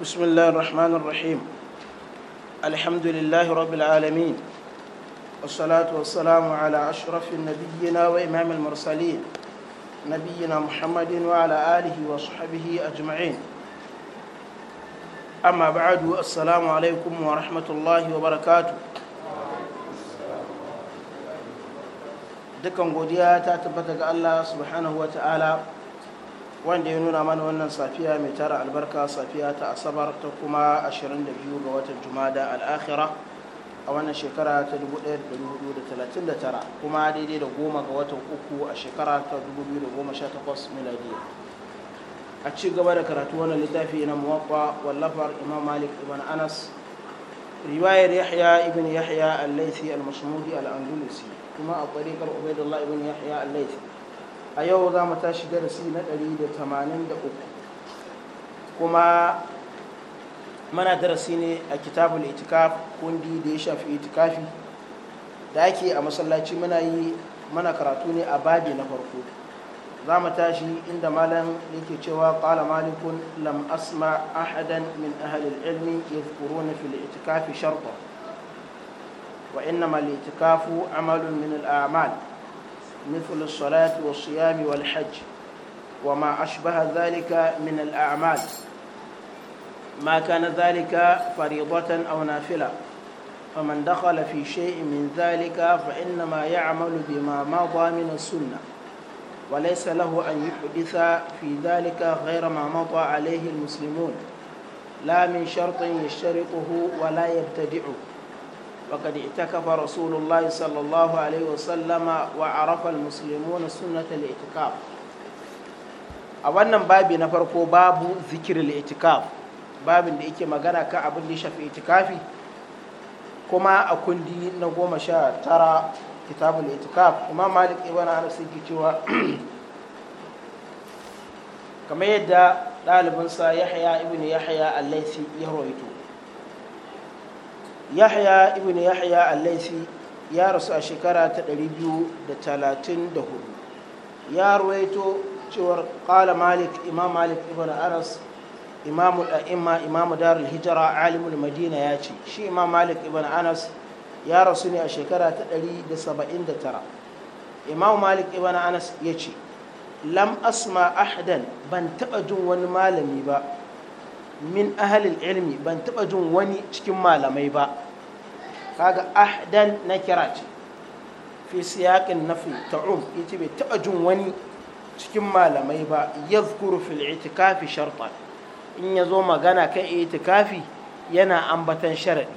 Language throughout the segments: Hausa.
بسم الله الرحمن الرحيم الحمد لله رب العالمين والصلاة والسلام على أشرف نبينا وإمام المرسلين نبينا محمد وعلى آله وصحبه أجمعين أما بعد السلام عليكم ورحمة الله وبركاته دكان قديا تتبتك الله سبحانه وتعالى wanda ya nuna mana wannan safiya mai tara albarka safiya ta asabar ta kuma 22 ga watan jumada al'akhira a wannan shekara ta 1439 kuma daidai da goma ga watan uku a shekara ta 2018 miladiya a ci gaba da karatu wannan littafi na muwaffa wallafar imam malik ibn anas riwayar yahya ibn yahya al-laisi al-masmudi al-andalusi kuma a tsarikar ubaidullah ibn yahya al-laisi a yau za mu tashi darasi na 183 kuma mana darasi ne a kitabul itikaf kundi da ya shafi itikafi da ake a masallaci muna yi mana karatu ne a babi na farko za mu tashi inda malam yake cewa kala malikun lam asma ahadan min ahli ilmi yadhkuruna fil itikafi sharta wa innama al-itikafu amalun min al-a'mal مثل الصلاة والصيام والحج وما أشبه ذلك من الأعمال ما كان ذلك فريضة أو نافلة فمن دخل في شيء من ذلك فإنما يعمل بما مضى من السنة وليس له أن يحدث في ذلك غير ما مضى عليه المسلمون لا من شرط يشترطه ولا يبتدعه وقد اعتكف رسول الله صلى الله عليه وسلم وعرف المسلمون سنة الاعتكاف a wannan babi na farko babu zikiri itikaf babin da yake magana kan abin da ya shafi itikafi kuma a kundi na goma sha tara kitabun itikaf imam malik ibn anas yake cewa kamar yadda ɗalibinsa yahya ibnu yahya al ya rawaito yahya ibn yahya al-laisi ya rasu a shekara ta 234 ya ruwaito cewar ƙala malik imam malik ibn anas imamu da'imma imamu darul hijira alimul madina ya ce shi imam malik ibn anas ya rasu ne a shekara ta 179 imam malik ibn anas ya ce lam asma ahdan ban taba jin wani malami ba min ahalil ilmi ban taba jin wani cikin malamai ba kaga ahdan na kira ce fi siyaƙin nafi ta'um ita bai taba jin wani cikin malamai ba ya zukuru fil itikafi sharta in ya zo magana kan itikafi yana ambatan sharaɗi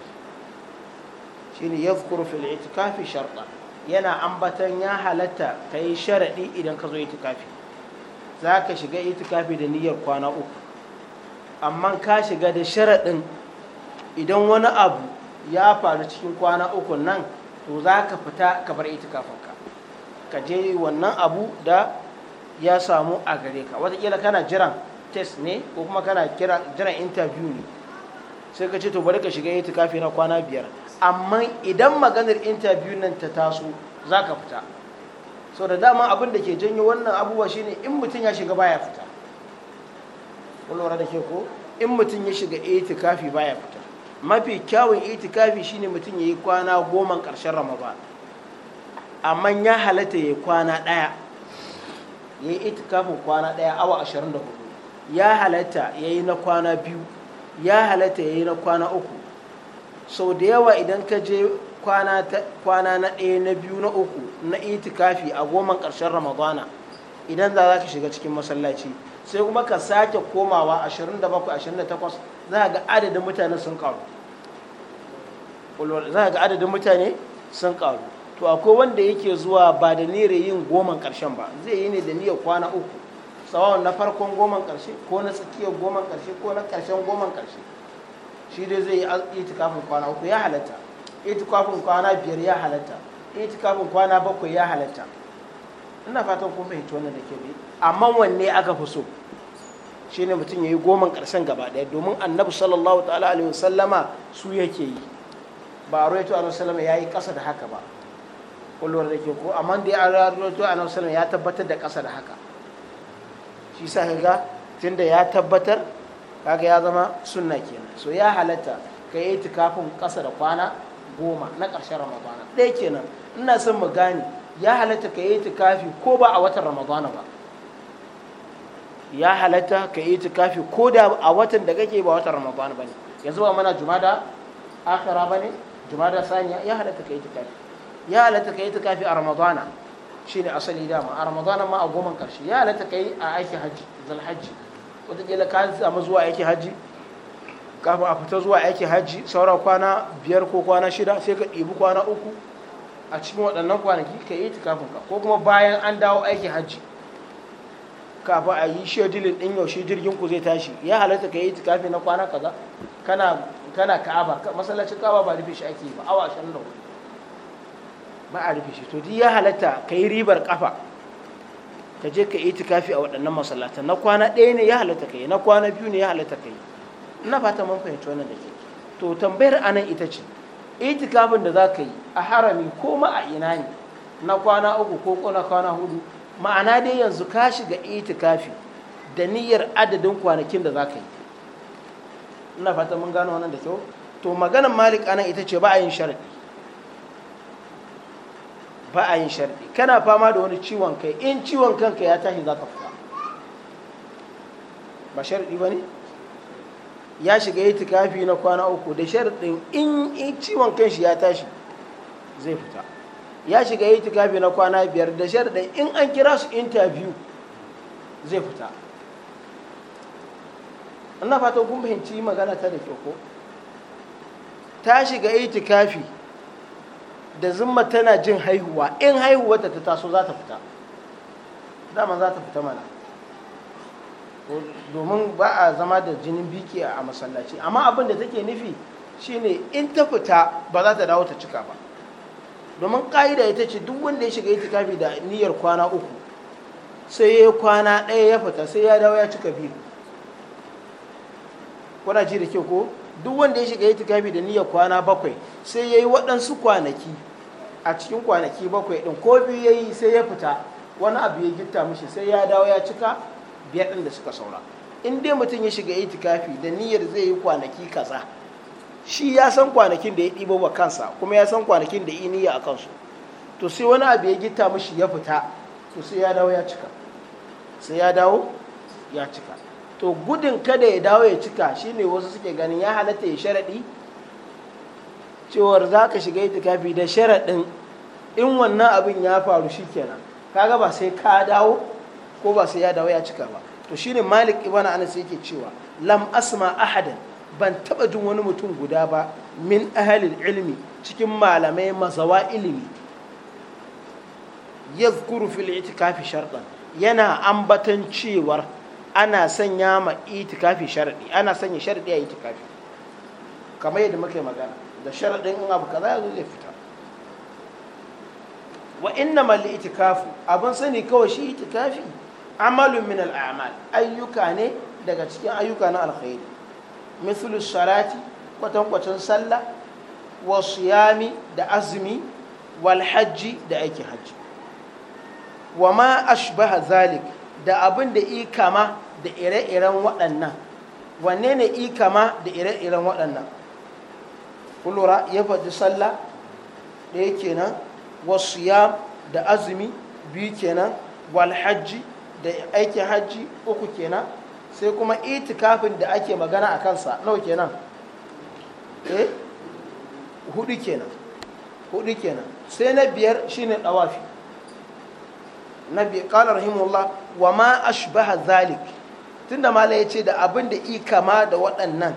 shine ya zukuru fil itikafi sharta yana ambatan ya halatta ka yi sharaɗi idan ka zo itikafi za ka shiga itikafi da niyyar kwana uku amma ka shiga da sharaɗin idan wani abu ya faru cikin kwana uku nan to za ka fita ka bar itikafinka ka je wannan abu da ya samu a gare ka watakila kana jiran test ne ko kuma kana jiran interview ne sai ka ce to bari ka shiga itikafi na kwana biyar amma idan maganar interview nan ta taso za ka fita sau da dama abin da ke janyo wannan abubuwa shine in mutum ya shiga baya fita kullum da ke ko in mutum ya shiga itikafi baya fita mafi kyawun itikafi shine mutum ya yi kwana goma ƙarshen ramadan amma ya halatta ya yi kwana ɗaya ya yi itikafin kwana ɗaya awa ashirin da hudu ya halatta ya yi na kwana biyu ya halatta ya yi na kwana uku sau da yawa idan ka je kwana na ɗaya na biyu na uku na itikafi a goma ƙarshen ramadana idan za ka shiga cikin masallaci sai kuma ka sake komawa 27 28 za ga adadin mutane sun karu za ga adadin mutane sun karu to akwai wanda yake zuwa ba da nire yin goman karshen ba zai yi ne da niyyar kwana uku tsawon na farkon goman karshe ko na tsakiyar goman karshe ko na karshen goman karshe shi dai zai yi itikafin kwana uku ya halatta itikafin kwana biyar ya halatta itikafin kwana bakwai ya halatta ina fatan kuma fahimci wannan da ke bi amma wanne aka fi so shine mutum ya yi goman karshen gaba daya domin annabi sallallahu ta'ala alaihi wasallama su yake yi ba a rawaito annabi sallama yi kasa da haka ba kullum da ke ko amma da ya rawaito annabi sallama ya tabbatar da kasa da haka shi sa ga tunda ya tabbatar kaga ya zama sunna kenan so ya halatta ka yi kafin kasa da kwana goma na ƙarshen ramadana ɗaya kenan ina son mu gane ya halatta ka yi kafi ko ba a watan ramadana ba ya halatta ka yi itikafi ko da a watan da kake ba watan ramadan bane yanzu ba mana jumada akhira bane jumada saniya ya halatta ka yi itikafi ya halatta ka yi itikafi a ramadana shine asali dama a ramadan ma a goma karshe ya halatta ka yi a aikin hajji zal hajji wataƙila ka zama zuwa aikin hajji kafin a fita zuwa aikin hajji saura kwana biyar ko kwana shida sai ka ɗibi kwana uku a cikin waɗannan kwanaki ka yi itikafin ka ko kuma bayan an dawo aikin hajji kafin a yi shedilin din yaushe jirgin ku zai tashi ya halatta ka yi itikafi na kwana kaza kana kana ka'aba masallacin ka'aba ba rufe shi ake ba awa 24 ba a rufe shi to duk ya halatta ka yi ribar kafa ka je ka yi itikafi a waɗannan masallatan na kwana ɗaya ne ya halatta ka yi na kwana biyu ne ya halatta ka yi ina fata mun fahimci wannan da ke to tambayar anan ita ce itikafin da za ka yi a harami ko ma a ina ne na kwana uku ko na kwana hudu ma'ana dai yanzu ka shiga itikafi da niyyar adadin kwanakin da za ka yi ina fata mun gano wannan da kyau to maganar malik anan ita ce ba a yin sharadi ba a yin sharadi kana fama da wani ciwon kai in ciwon kanka ya tashi za ka fita ba sharadi ba ne ya shiga itikafi na kwana uku da sharadin in ciwon kanshi ya tashi zai fita ya shiga itikafi na kwana biyar da sharaɗin in an kira su interview zai fita ina fatan kun fahimci magana ta da kyau ko ta shiga itikafi da zumma tana jin haihuwa in haihuwarta ta taso za ta fita dama za ta fita mana domin ba a zama da jinin biki a masallaci amma abin da take nufi shine in ta fita ba za ta dawo ta cika ba domin ƙa'ida ita ce duk wanda ya shiga itikafi da niyyar kwana uku sai ya kwana ɗaya ya fita sai ya dawo ya cika biyu kuna ji da kyau ko duk wanda ya shiga itikafi da niyyar kwana bakwai sai ya yi waɗansu kwanaki a cikin kwanaki bakwai ɗin ko biyu ya yi sai ya fita wani abu ya gitta mishi sai ya dawo ya cika biyar ɗin da suka saura in dai mutum ya shiga itikafi da niyyar zai yi kwanaki kaza shi ya san kwanakin da ya ɗibo wa kansa kuma ya san kwanakin da iniya a kansu to sai wani abu ya gita mashi ya fita to sai ya dawo ya cika sai ya dawo ya cika to gudun kada ya dawo ya cika shine wasu suke ganin ya halatta ya sharaɗi cewar za ka shiga itikafi da sharaɗin in wannan abin ya faru shikenan kaga ba sai ka dawo ko ba sai ya dawo ya cika ba to shine malik ibana anas yake cewa lam asma ahadin. ban taba jin wani mutum guda ba min ahalin ilmi cikin malamai mazawa ilimi ya fil itikafi sharɗan yana ambatan cewar ana sanya ma itikafi sharɗi ana sanya sharɗi a itikafi kamar yadda muka yi magana da sharaɗin in abu kaza yanzu zai fita wa inna mal itikafu abin sani kawai shi itikafi amalun min al ayyuka ne daga cikin ayyuka na alkhairi mithlu salati kwatankwacin sallah wa siyami da azumi wal hajji da aikin hajji wa ma ashbaha zalik da abin da ikama da ire-iren waɗannan wanne ne ikama da ire-iren waɗannan kulura ya faɗi sallah ɗaya kenan wa siyam da azumi biyu kenan wal hajji da aikin hajji uku kenan sai kuma itikafin da ake magana a kansa nawa kenan eh hudu kenan hudu kenan sai na biyar shine dawafi na biyar qala rahimullah wa ma ashbaha zalik tunda mala yace da abin da i kama da waɗannan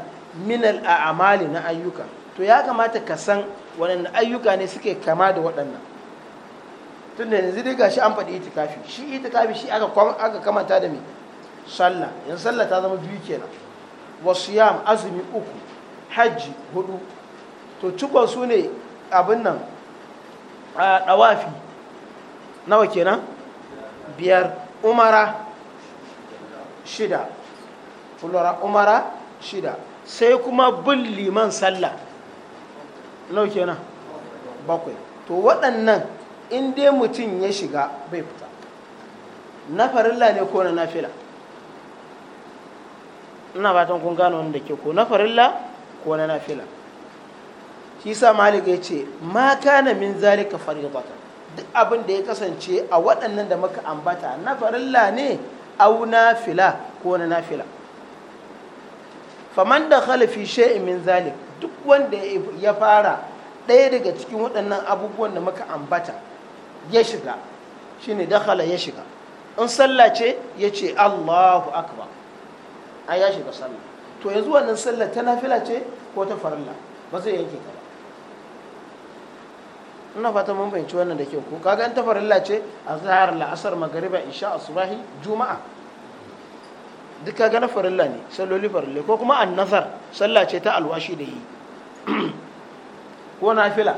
minal a'amali na ayyuka to ya kamata ka san waɗanne ayyuka ne suke kama da waɗannan tunda yanzu dai gashi an faɗi itikafi shi itikafi shi aka kamata da mai sallah yanzu sallah ta zama biyu kenan wasiyam azumi uku hajji hudu to cikon su ne abin nan a dawafi nawa kenan biyar umara shida fulora umara shida sai kuma bin liman sallah nawa kenan bakwai to waɗannan in dai mutum ya shiga bai fita na farilla ne ko na nafila ina fatan kun gano wanda ke ko na farilla ko na nafila shi sa malik ya ce ma kana min zalika fariidatan duk abin da ya kasance a waɗannan da muka ambata na farilla ne au nafila ko na nafila faman da khalafi shay'in min zalik duk wanda ya fara ɗaya daga cikin waɗannan abubuwan da muka ambata ya shiga shine dakhala ya shiga in sallah ce ya ce Allahu akbar ai ya shiga sallah to yanzu wannan sallah ta nafila ce ko ta farilla ba zai yanke ta ba ina fata mun fahimci wannan da kyau ko kaga in ta farilla ce a zahar la'asar magariba isha asubahi juma'a duk kaga na farilla ne salloli farilla ko kuma annazar sallah ce ta alwashi da yi ko nafila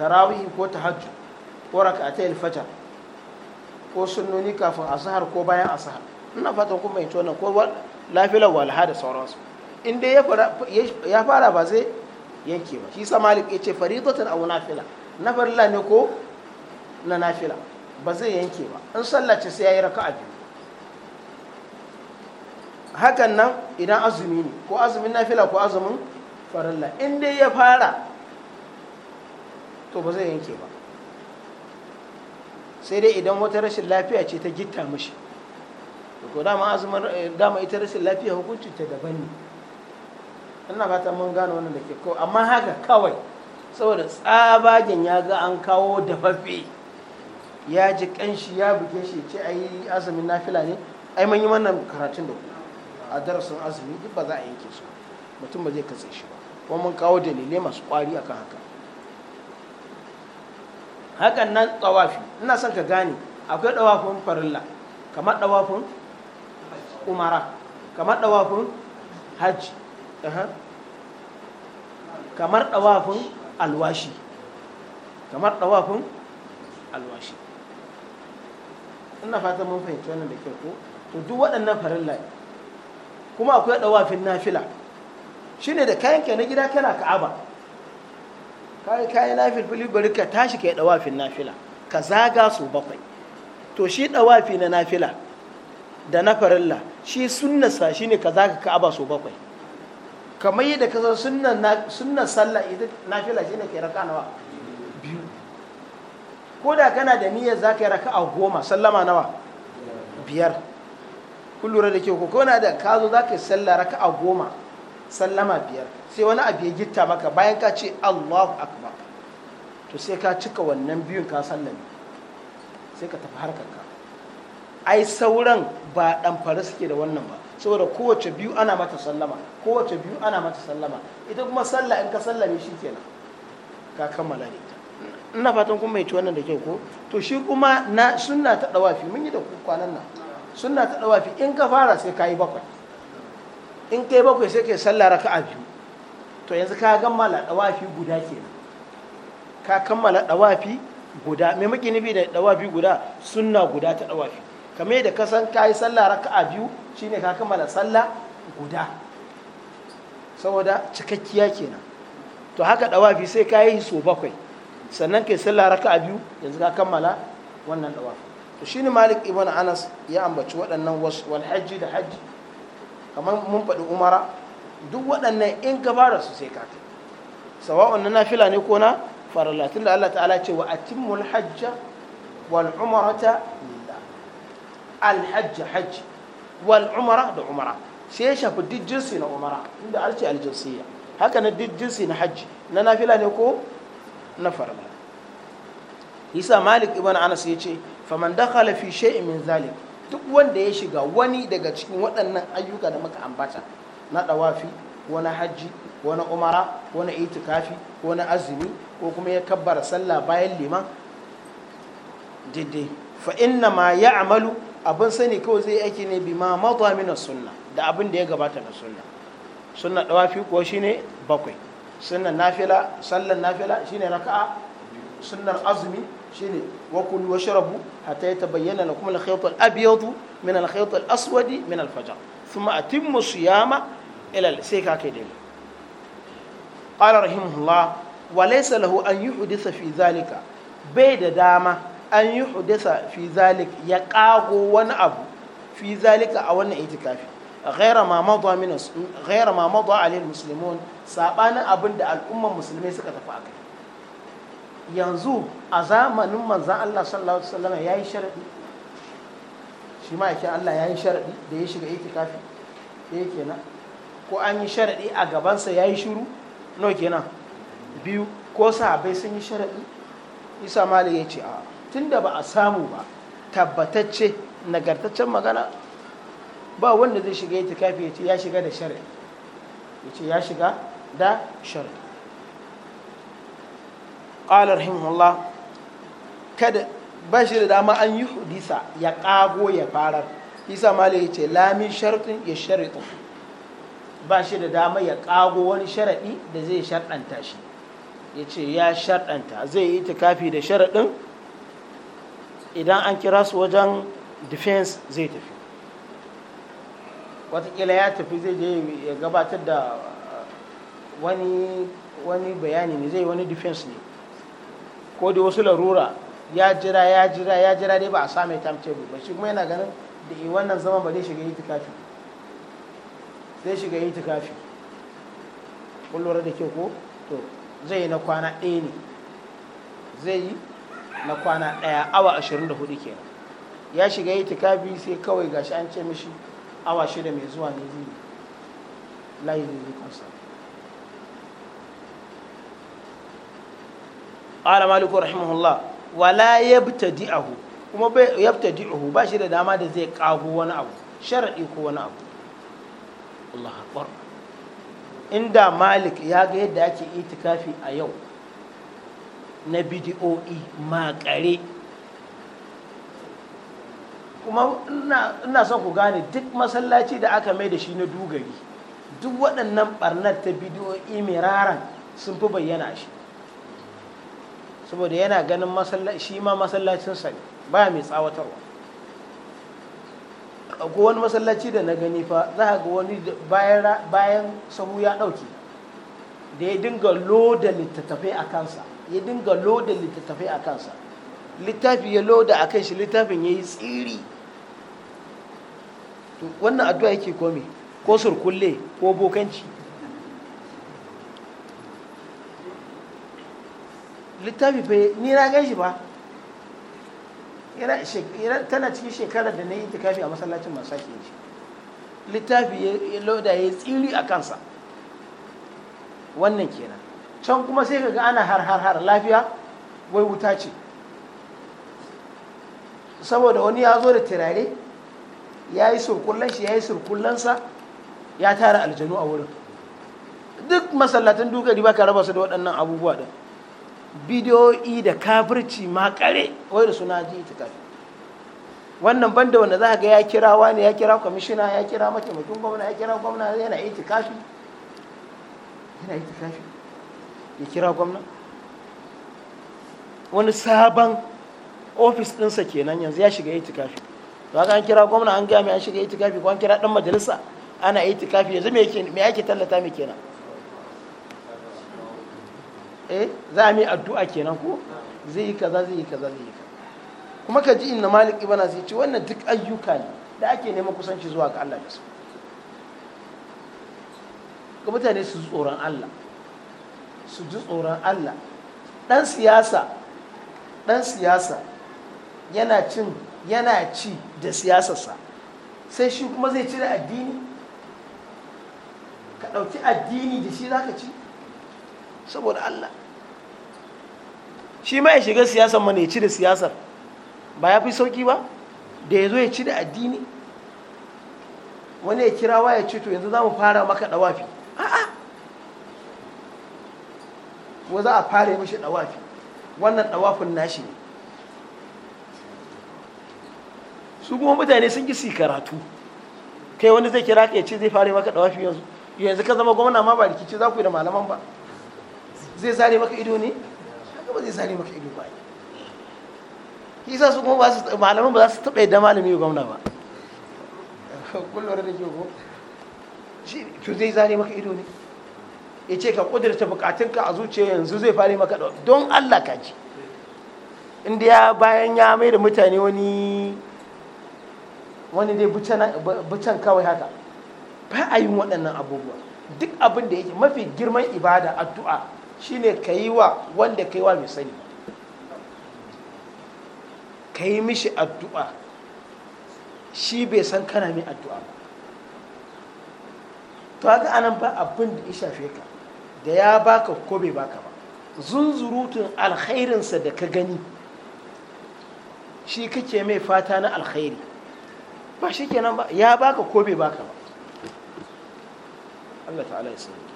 tarawih ko tahajjud ko rak'atayil fajr ko sunnoni kafin asahar ko bayan asahar ina fata kun fahimci wannan ko lafilar walha da sauransu in dai ya fara ba zai yanke ba shi sa malik ya ce faridotar abu nafila na farila ne ko na nafila ba zai yanke ba in sallace sai ya yi raka biyu hakan nan idan azumi ne ko azumin nafila ko azumin farilla in dai ya fara to ba zai yanke ba sai dai idan wata rashin lafiya ce ta gitta mashi. ko dama azumin eh, dama ita rashin lafiya hukuncin ta daban ne ina fata mun gano wannan da ke ko amma haka kawai saboda tsabagen ya ga an kawo dafaffe ya ji kanshi ya buge shi ce ai azumin nafila ne ai mun yi wannan karatun da ku a darasin azumi duk ba za a yanke su mutum ba zai katse shi ba kuma mun kawo dalilai masu kwari akan haka hakan nan tsawafi ina son ka gane akwai ɗawafin farilla kamar dawafin. umara kamar dawafin hajji kamar dawafin alwashi kamar dawafin alwashi ina fata mun fahimci wannan da ke ko to duk waɗannan farilla ne kuma akwai dawafin nafila shine da kayan ke na gida kana ka'aba kayan kayan nafil fili bari ka tashi kai dawafin nafila ka zaga su bakwai to shi dawafi na nafila da na farilla shi sunnarsa shi ne ka za ka ka'aba so bakwai kamar yadda ka san sunnar sallah ita nafila shi ne ke raka nawa biyu ko da kana da niyyar za ka yi raka a goma sallama nawa biyar kun lura da ke ko kona da ka zo za ka yi sallah raka a goma sallama biyar sai wani abu ya gitta maka bayan ka ce allahu akbar to sai ka cika wannan biyun ka sallami sai ka tafi harkar ka ai sauran ba fara suke da wannan ba saboda kowace biyu ana mata sallama kowace biyu ana mata sallama ita kuma sallah in ka sallame shi kenan ka kammala ne ina fatan kun mai wannan da kyau ko to shi kuma na sunna ta dawafi mun yi da ku kwanan nan sunna ta dawafi in ka fara sai ka yi bakwai in kai bakwai sai kai sallah raka'a biyu to yanzu ka kammala dawafi guda kenan ka kammala dawafi guda mai muke bi da dawafi guda sunna guda ta dawafi kame da kasan ka yi sallah raka'a biyu shine ka kammala sallah guda saboda cikakkiya kenan to haka dawafi sai ka yi so bakwai sannan kai sallah raka'a biyu yanzu ka kammala wannan dawafi to shine malik ibn anas ya ambaci waɗannan wasu wal hajji da hajji kamar mun faɗi umara duk waɗannan in ka fara su sai ka kai sawa'un na nafila ne ko na farallatun da Allah ta'ala ce wa atimmul hajja wal umrata alhajj hajj wal umara da umara sai ya shafi duk jinsi na umara inda arce aljinsiyya haka na duk jinsi na hajji na nafila ne ko na farla isa malik ibn anas ya ce faman dakhala fi shay'in min zalik duk wanda ya shiga wani daga cikin waɗannan ayyuka da muka ambata na dawafi wani hajji wani umara wani itikafi wani azumi ko kuma ya kabbara sallah bayan liman daidai fa inna ma ya amalu abin sani kawai zai aiki ne bi ma mata mina sunna da abin da ya gabata na sunna sunna dawafi kuwa shine bakwai sunnan nafila sallan nafila shine raka'a sunnar azumi shine wa kulu washrabu hatta yatabayyana lakum al-khayt al-abyad min al-khayt al-aswad min al-fajr thumma atimmu siyama ila sai ka kai dai qala rahimahullah wa laysa lahu an yuhditha fi zalika bai da dama an yi hudisa fi zalik ya ƙago wani abu fi zalika a wannan itikafi ghaira ma madwa minus ghaira ma madwa alil muslimun sabanin abin da al'umman musulmai suka tafi akai yanzu a zamanin manzan Allah sallallahu alaihi wasallam yayi sharadi shi ma yake Allah yayi sharadi da ya shiga itikafi eh kenan ko an yi sharadi a gabansa yayi shiru no kenan biyu ko sahabbai sun yi sharadi isa malik ya ce a'a tunda ba a samu ba tabbatacce nagartaccen magana ba wanda zai shiga ita kafi ya ce ya shiga da shari'a ya ce ya shiga da shari'a qala rahimahullah kada ba shi da dama an yi hudisa ya kago ya farar isa malai ya ce lamin sharɗin ya shari'a ba shi da dama ya kago wani sharaɗi da zai sharɗanta shi ya ce ya sharɗanta zai yi kafi da sharaɗin idan an kira su wajen defense zai tafi watakila ya tafi zai je ya gabatar da uh, wani wani bayani ne zai wani defense ne ko da wasu larura ya jira ya jira ya jira dai ba a same timetable ba shi kuma yana ganin da yi eh, wannan zaman ba zai shiga yi tukafi zai shiga yi tukafi lura da ke ko to zai na kwana ɗaya ne zai yi na kwana ɗaya awa 24 kenan ya shiga yi tikabi sai kawai gashi an ce mishi awa shida mai zuwa ne zai layi zai zai kansa قال مالك رحمه الله ولا يبتدئه kuma yabtadi'uhu ba shi da dama da zai kago wani abu sharaɗi ko wani abu Allah akbar inda malik ya ga yadda ake itikafi a yau na bidiyo'i makare kuma ina son ku gane duk masallaci da aka mai da shi na dugari duk waɗannan ɓarnar ta bidiyo'i mai raran sun fi bayyana shi saboda yana ganin shi ma masallacin ne ba mai tsawatarwa ko wani masallaci da na gani fa za a ga wani bayan sahu ya ɗauke da ya dinga loda littattafai a kansa ya dinga loda littattafai a kansa littafi ya loda a kan shi littafin ya yi tsiri wannan addu'a yake komi ko surkulle ko bokanci littafi fa ni na gan shi ba tana cikin shekarar da na yi tikafi a masallacin masu sake shi littafi ya loda ya yi tsiri a kansa wannan kenan can kuma sai ka ga ana har har har lafiya wai wuta ce saboda wani ya zo da turare ya yi surkullan shi ya yi surkullansa ya tara aljanu a wurin duk masallatan duka riba ka raba su da waɗannan abubuwa ɗin bidiyoyi da kafirci ma kare wai da suna ji ta kafi wannan banda wanda za ga ya kira wani ya kira kwamishina ya kira mataimakin gwamna ya kira gwamna yana yi ta kafi ya kira gwamna wani sabon ofis dinsa kenan yanzu ya shiga itikafi ba an kira gwamna an gaya an shiga itikafi ko an kira ɗan majalisa ana itikafi yanzu me ake tallata mai kenan eh za a mai addu'a kenan ko zai yi kaza zai yi kaza zai yi kuma ka ji inna malik ibn zai ce wannan duk ayyuka ne da ake neman kusanci zuwa ga Allah da su ga mutane su tsoron Allah su ji tsoron Allah ɗan siyasa ɗan siyasa yana cin yana ci da siyasarsa sai shi kuma zai ci da addini ka ɗauki addini da shi za ka ci saboda Allah shi ma ya shiga siyasar mana ya ci da siyasar ba ya fi sauki ba da ya zo ya ci da addini wani ya kira waya ce to yanzu za mu fara maka ɗawafi wa za a fara mashi dawafi wannan dawafin nashi ne su kuma mutane sun gisi karatu kai wani zai kira kai ya ce zai fara maka dawafi yanzu yanzu ka zama gwamna ma ba kici za ku yi da malaman ba zai sare maka ido ne ba zai sare maka ido ba ki sa su kuma ba su malaman ba za su taɓa yadda malami ya gwamna ba kullum da ke ko shi to zai sare maka ido ne ya ce ka ƙudurta ka a zuciya yanzu zai fari maka don Allah ka ji inda ya bayan ya mai da mutane wani wani dai bucan kawai haka ba a yin waɗannan abubuwa duk abin da yake mafi girman ibada addu'a shine ka yi wa wanda ka yi wa mai sani ka yi mishi addu'a shi bai san kana mai addu'a ba to haka anan ba abin da ya shafe ka da ya baka ko bai baka ba zunzurutun alkhairinsa da ka gani shi kake mai fata na alkhairi ba shi kenan ba ya baka ko bai baka ba Allah ta'ala ya sauke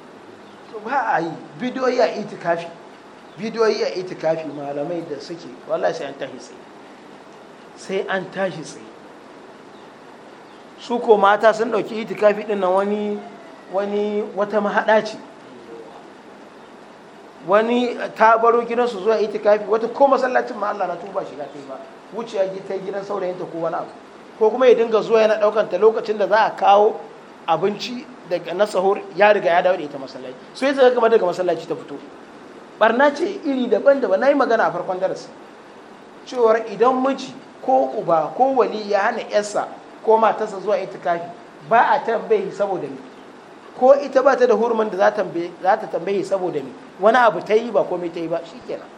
so ba a yi bidiyoyi a itikafi bidiyoyi a itikafi malamai da suke wala sai an tashi tsaye sai an tashi tsaye su ko mata sun ɗauki itikafi ɗin na wani wani wata mahaɗa ce wani ta baro gidansu zuwa ita kafi wata ko masallacin ma Allah na tuba shi ta yi ba wuciya ta gidan saurayinta ko wani abu ko kuma ya dinga zuwa yana daukan ta lokacin da za a kawo abinci daga na sahur ya riga ya dawo da ita masallaci so ya kamar daga masallaci ta fito barna ce iri daban-daban na yi magana a farkon darasi cewar idan miji ko uba ko wali ya hana yarsa ko matarsa zuwa ita kafi ba a tambayi saboda ni. ko ita ba ta da hurman da za ta tambaye saboda me wani abu ta yi ba komai ta yi ba shikenan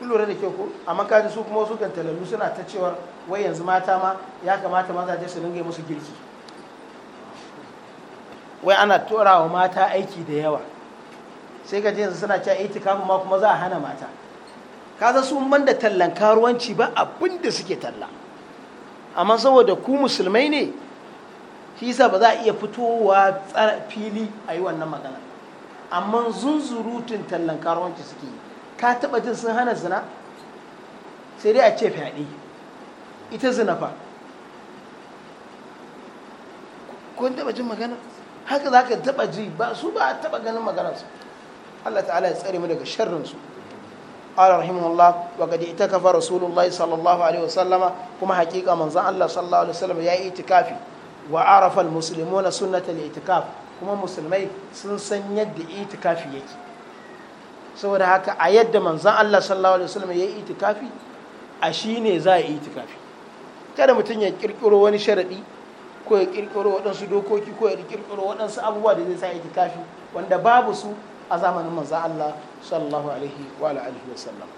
lura da kyau ko amma kaji su kuma wasu kan talalu suna ta cewar wai yanzu mata ma ya kamata mazaje su dinga musu girki wai ana tora wa mata aiki da yawa sai ka yanzu suna cewa itikafi ma kuma za a hana mata kaza su man da tallan karuwanci ba abinda suke talla amma saboda ku musulmai ne shi yasa ba za a iya fitowa fili a yi wannan magana amma zunzurutun tallan karuwanci suke yi ka taba jin sun hana zina sai dai a ce fyaɗe ita zina fa kun taba jin magana haka za ka taba ji ba su ba a taba ganin maganarsu Allah ta'ala ya tsare mu daga sharrinsu قال رحمه الله وقد اعتكف رسول الله صلى الله عليه وسلم كما حقيقة من زعل الله صلى الله عليه وسلم يا اعتكافي وعرف المسلمون الاعتكاف كما مسلمي يد اعتكافي يكي saboda haka a yadda manzan Allah sallallahu alaihi wasallam ya yi itikafi a shi ne za a yi itikafi kada mutum ya kirkiro wani sharadi ko ya kirkiro waɗansu dokoki ko ya kirkiro waɗansu abubuwa da zai sa itikafi wanda babu su a zamanin manzan Allah sallallahu alaihi wa alihi wasallam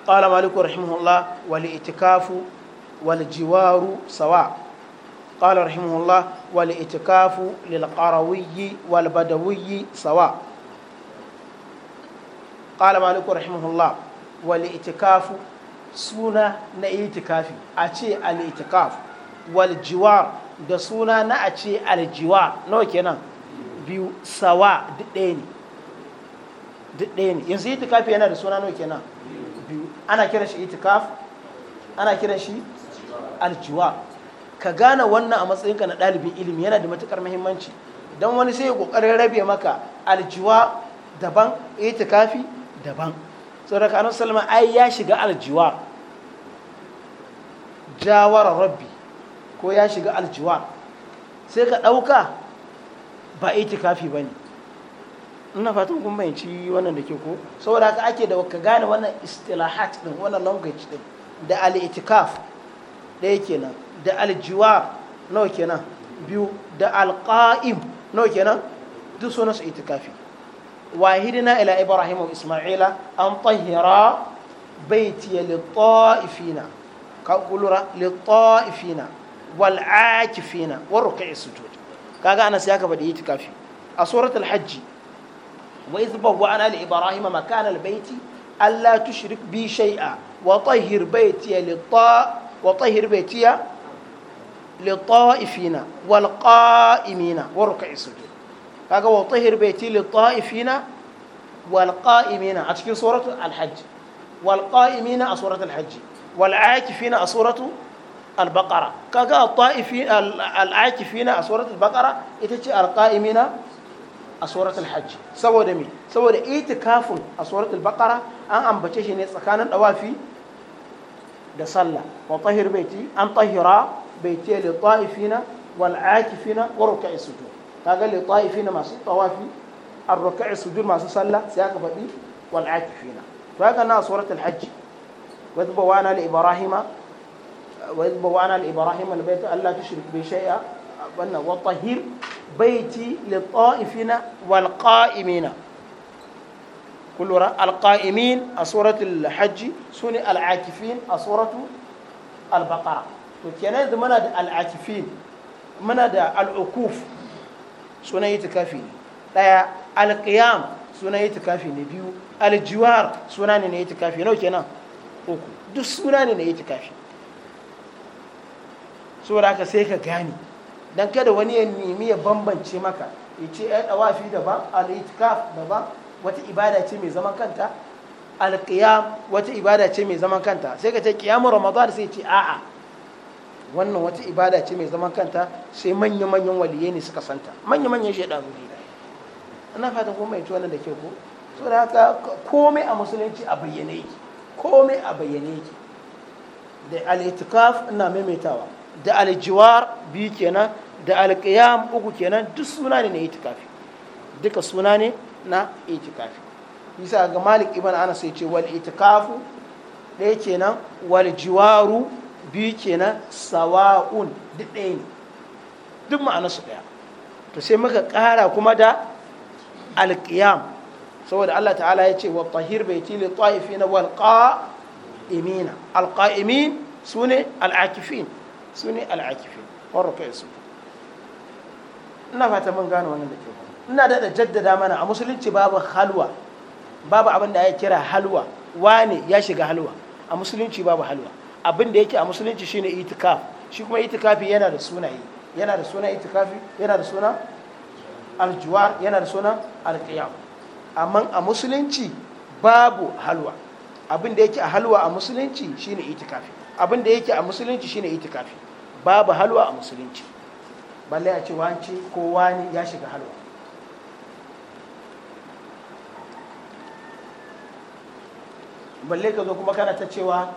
قال مالك رحمه الله والاعتكاف والجوار سواء قال رحمه الله والاعتكاف للقروي والبدوي سواء قال مالك رحمه الله والاعتكاف سونا ناعتكاف أتي الاعتكاف والجوار ده سونا نأتي الجوار نو كنا biyu sawa duk ne ne yanzu yana da suna nawa kenan biyu ana kiran shi itikaf ana kiran shi aljiwa ka gane wannan a matsayinka na ɗalibin ilimi yana da matukar mahimmanci don wani sai ya ƙoƙarin rabe maka aljiwa daban itikafi daban tsoraka annabi sallama ai ya shiga aljiwa jawara rabbi ko ya shiga aljiwa sai ka ɗauka ba itikafi ba ne ina fatan kun bayanci wannan da ke ko saboda haka ake da ka gane wannan istilahat din wannan language din da al-itikaf ɗaya kenan da al-jiwar nawa kenan biyu da al-qa'im nawa kenan duk sunan su itikafi wahidina ila ibrahim wa isma'ila an tahira baiti lit-ta'ifina ka kulura lit-ta'ifina wal-aakifina wa ruk'i sujud kaga anas ya ka faɗi itikafi a suratul hajji wa idh bawwa'na li ibrahima makana al-bayti alla tushrik bi shay'a wa tahhir baytiya lit-ta wa tahhir baytiya lit-ta'ifina wal-qa'imina wa ruk'i sujud kaga wa tahhir bayti lit-ta'ifina wal-qa'imina a cikin suratul al-hajj wal-qa'imina a suratul hajj wal-aakifina a suratul al ga kaga a suratul baqara ita ce al-qa'imina a suratul saboda me saboda itikafin a suratul an ambace shi ne tsakanin dawafi da sallah wa tahir baiti an tahira baiti li ta'ifina wal aakifina wa ruk'i sujud kaga li ta'ifina masu tawafi ar ruk'i sujud masu sallah aka faɗi ibrahima وإذ بوأنا لإبراهيم البيت ألا تشرك بي شيئا وطهير بيتي للطائفين والقائمين كل وراء القائمين أصورة الحج سنة العاكفين أصورة البقرة تكينا منا العاكفين منا العكوف سنة يتكافين لا القيام سنة يتكافين نبيو الجوار سنة يتكافين أو كنا uku duk suna ne saboda ka sai ka gane don kada wani ya nemi ya bambance maka ya ce ai dawafi daban al’itikaf daban wata ibada ce mai zaman kanta alƙiyam wata ibada ce mai zaman kanta sai ka ce ƙiyamu ramadan sai ce a'a wannan wata ibada ce mai zaman kanta sai manya-manyan waliye ne suka santa manya-manyan shaidanu ne ina fatan kuma mai wannan da ke ko da haka komai a musulunci a bayyane yake komai a bayyane yake da al-itikaf ina maimaitawa da aljiwar biyu kenan da alkiyam uku kenan duk suna ne na itikafi duka suna ne na itikafi bisa ga malik ibn ana sai ce wal itikafu ɗaya kenan wal jiwaru biyu kenan sawa'un duk ɗaya ne duk ma'anarsu ɗaya to sai muka ƙara kuma da alƙiyam saboda Allah ta'ala ya ce wa tahir bai tili ta'ifina wal qa'imina al qa'imi sune al su ne al'akifi wa ruku'i su ina fata mun gane wannan da ke ina da jaddada mana a musulunci babu halwa babu abin da ya kira halwa wane ya shiga halwa a musulunci babu halwa abin da yake a musulunci shine itikaf shi kuma itikafi yana da sunaye yana da suna itikafi yana da suna aljuwa yana da suna alqiyam amma a musulunci babu halwa abin da yake a halwa a musulunci shine itikafi abin da yake a musulunci shine itikafi babu halwa a musulunci balle a ce wanci ko wani ya shiga halwa balle ka zo kuma kana ta cewa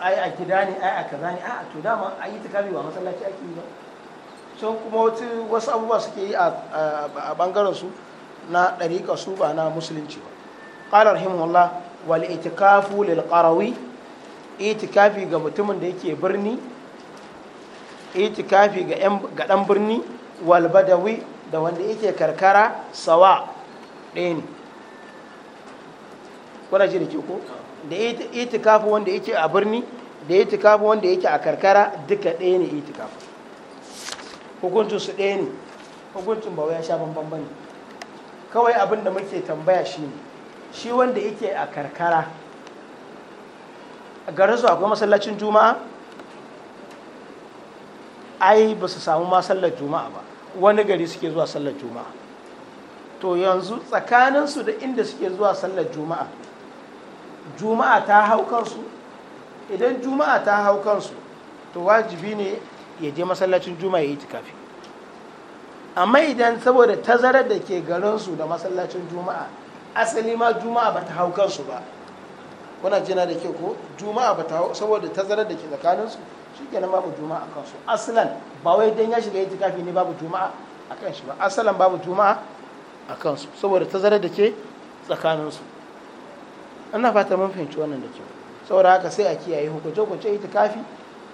ai a gida ne ai a kaza ne a to dama a yi tukari ba masallaci ake yi ba so kuma wasu abubuwa suke yi a bangaren su na ɗariƙa su ba na musulunci ba قال wal itikafu lil للقروي itikafi ga mutumin da yake birni itikafi ga ɗan birni walbadawi da wanda yake karkara sawa ɗaya ne kuna shi da ke ko da itikafi wanda yake a birni da itikafi wanda yake a karkara duka ɗaya ne itikafi hukuncin su ɗaya ne hukuncin ba ya sha bambam ba ne kawai abin da muke tambaya shi ne shi wanda yake a karkara garin su akwai masallacin juma'a ai ba su samu ma sallar juma'a ba wani gari suke zuwa sallar juma'a to yanzu tsakaninsu da inda suke zuwa sallar juma'a juma'a ta hau su idan juma'a ta hau kansu to wajibi ne ya je masallacin juma'a ya yi tikafi amma idan saboda tazarar da ke garinsu da masallacin juma'a asali ma juma'a ba ta hau kansu ba kuna jina da ke ko juma'a ba ta saboda tazarar da ke tsakanin su shikenan babu juma'a akan su asalan ba wai dan ya shiga itikafi ne babu juma'a akan shi ba asalan babu juma'a akan su saboda tazarar da ke tsakanin su ana fata mun fahimci wannan da kyau saboda haka sai a kiyaye hukunce hukunce itikafi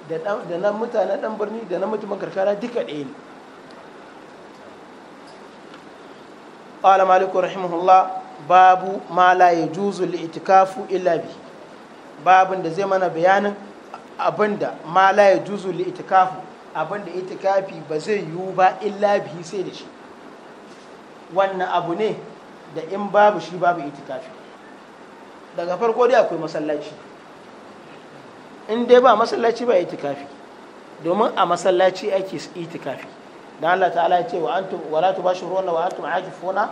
da na mutanen dan birni da na mutumin karkara duka ɗaya ne قال مالك رحمه الله babu ma la yajuzu li'tikafu illa bi babin da zai mana bayanin abinda ma la yajuzu li'tikafu abinda itikafi ba zai yiwu ba illa bi sai da shi wannan abu ne da in babu shi babu itikafi daga farko dai akwai masallaci in dai ba masallaci ba itikafi domin a masallaci ake itikafi dan Allah ta'ala ya ce wa antum la tubashiruna wa antum aakifuna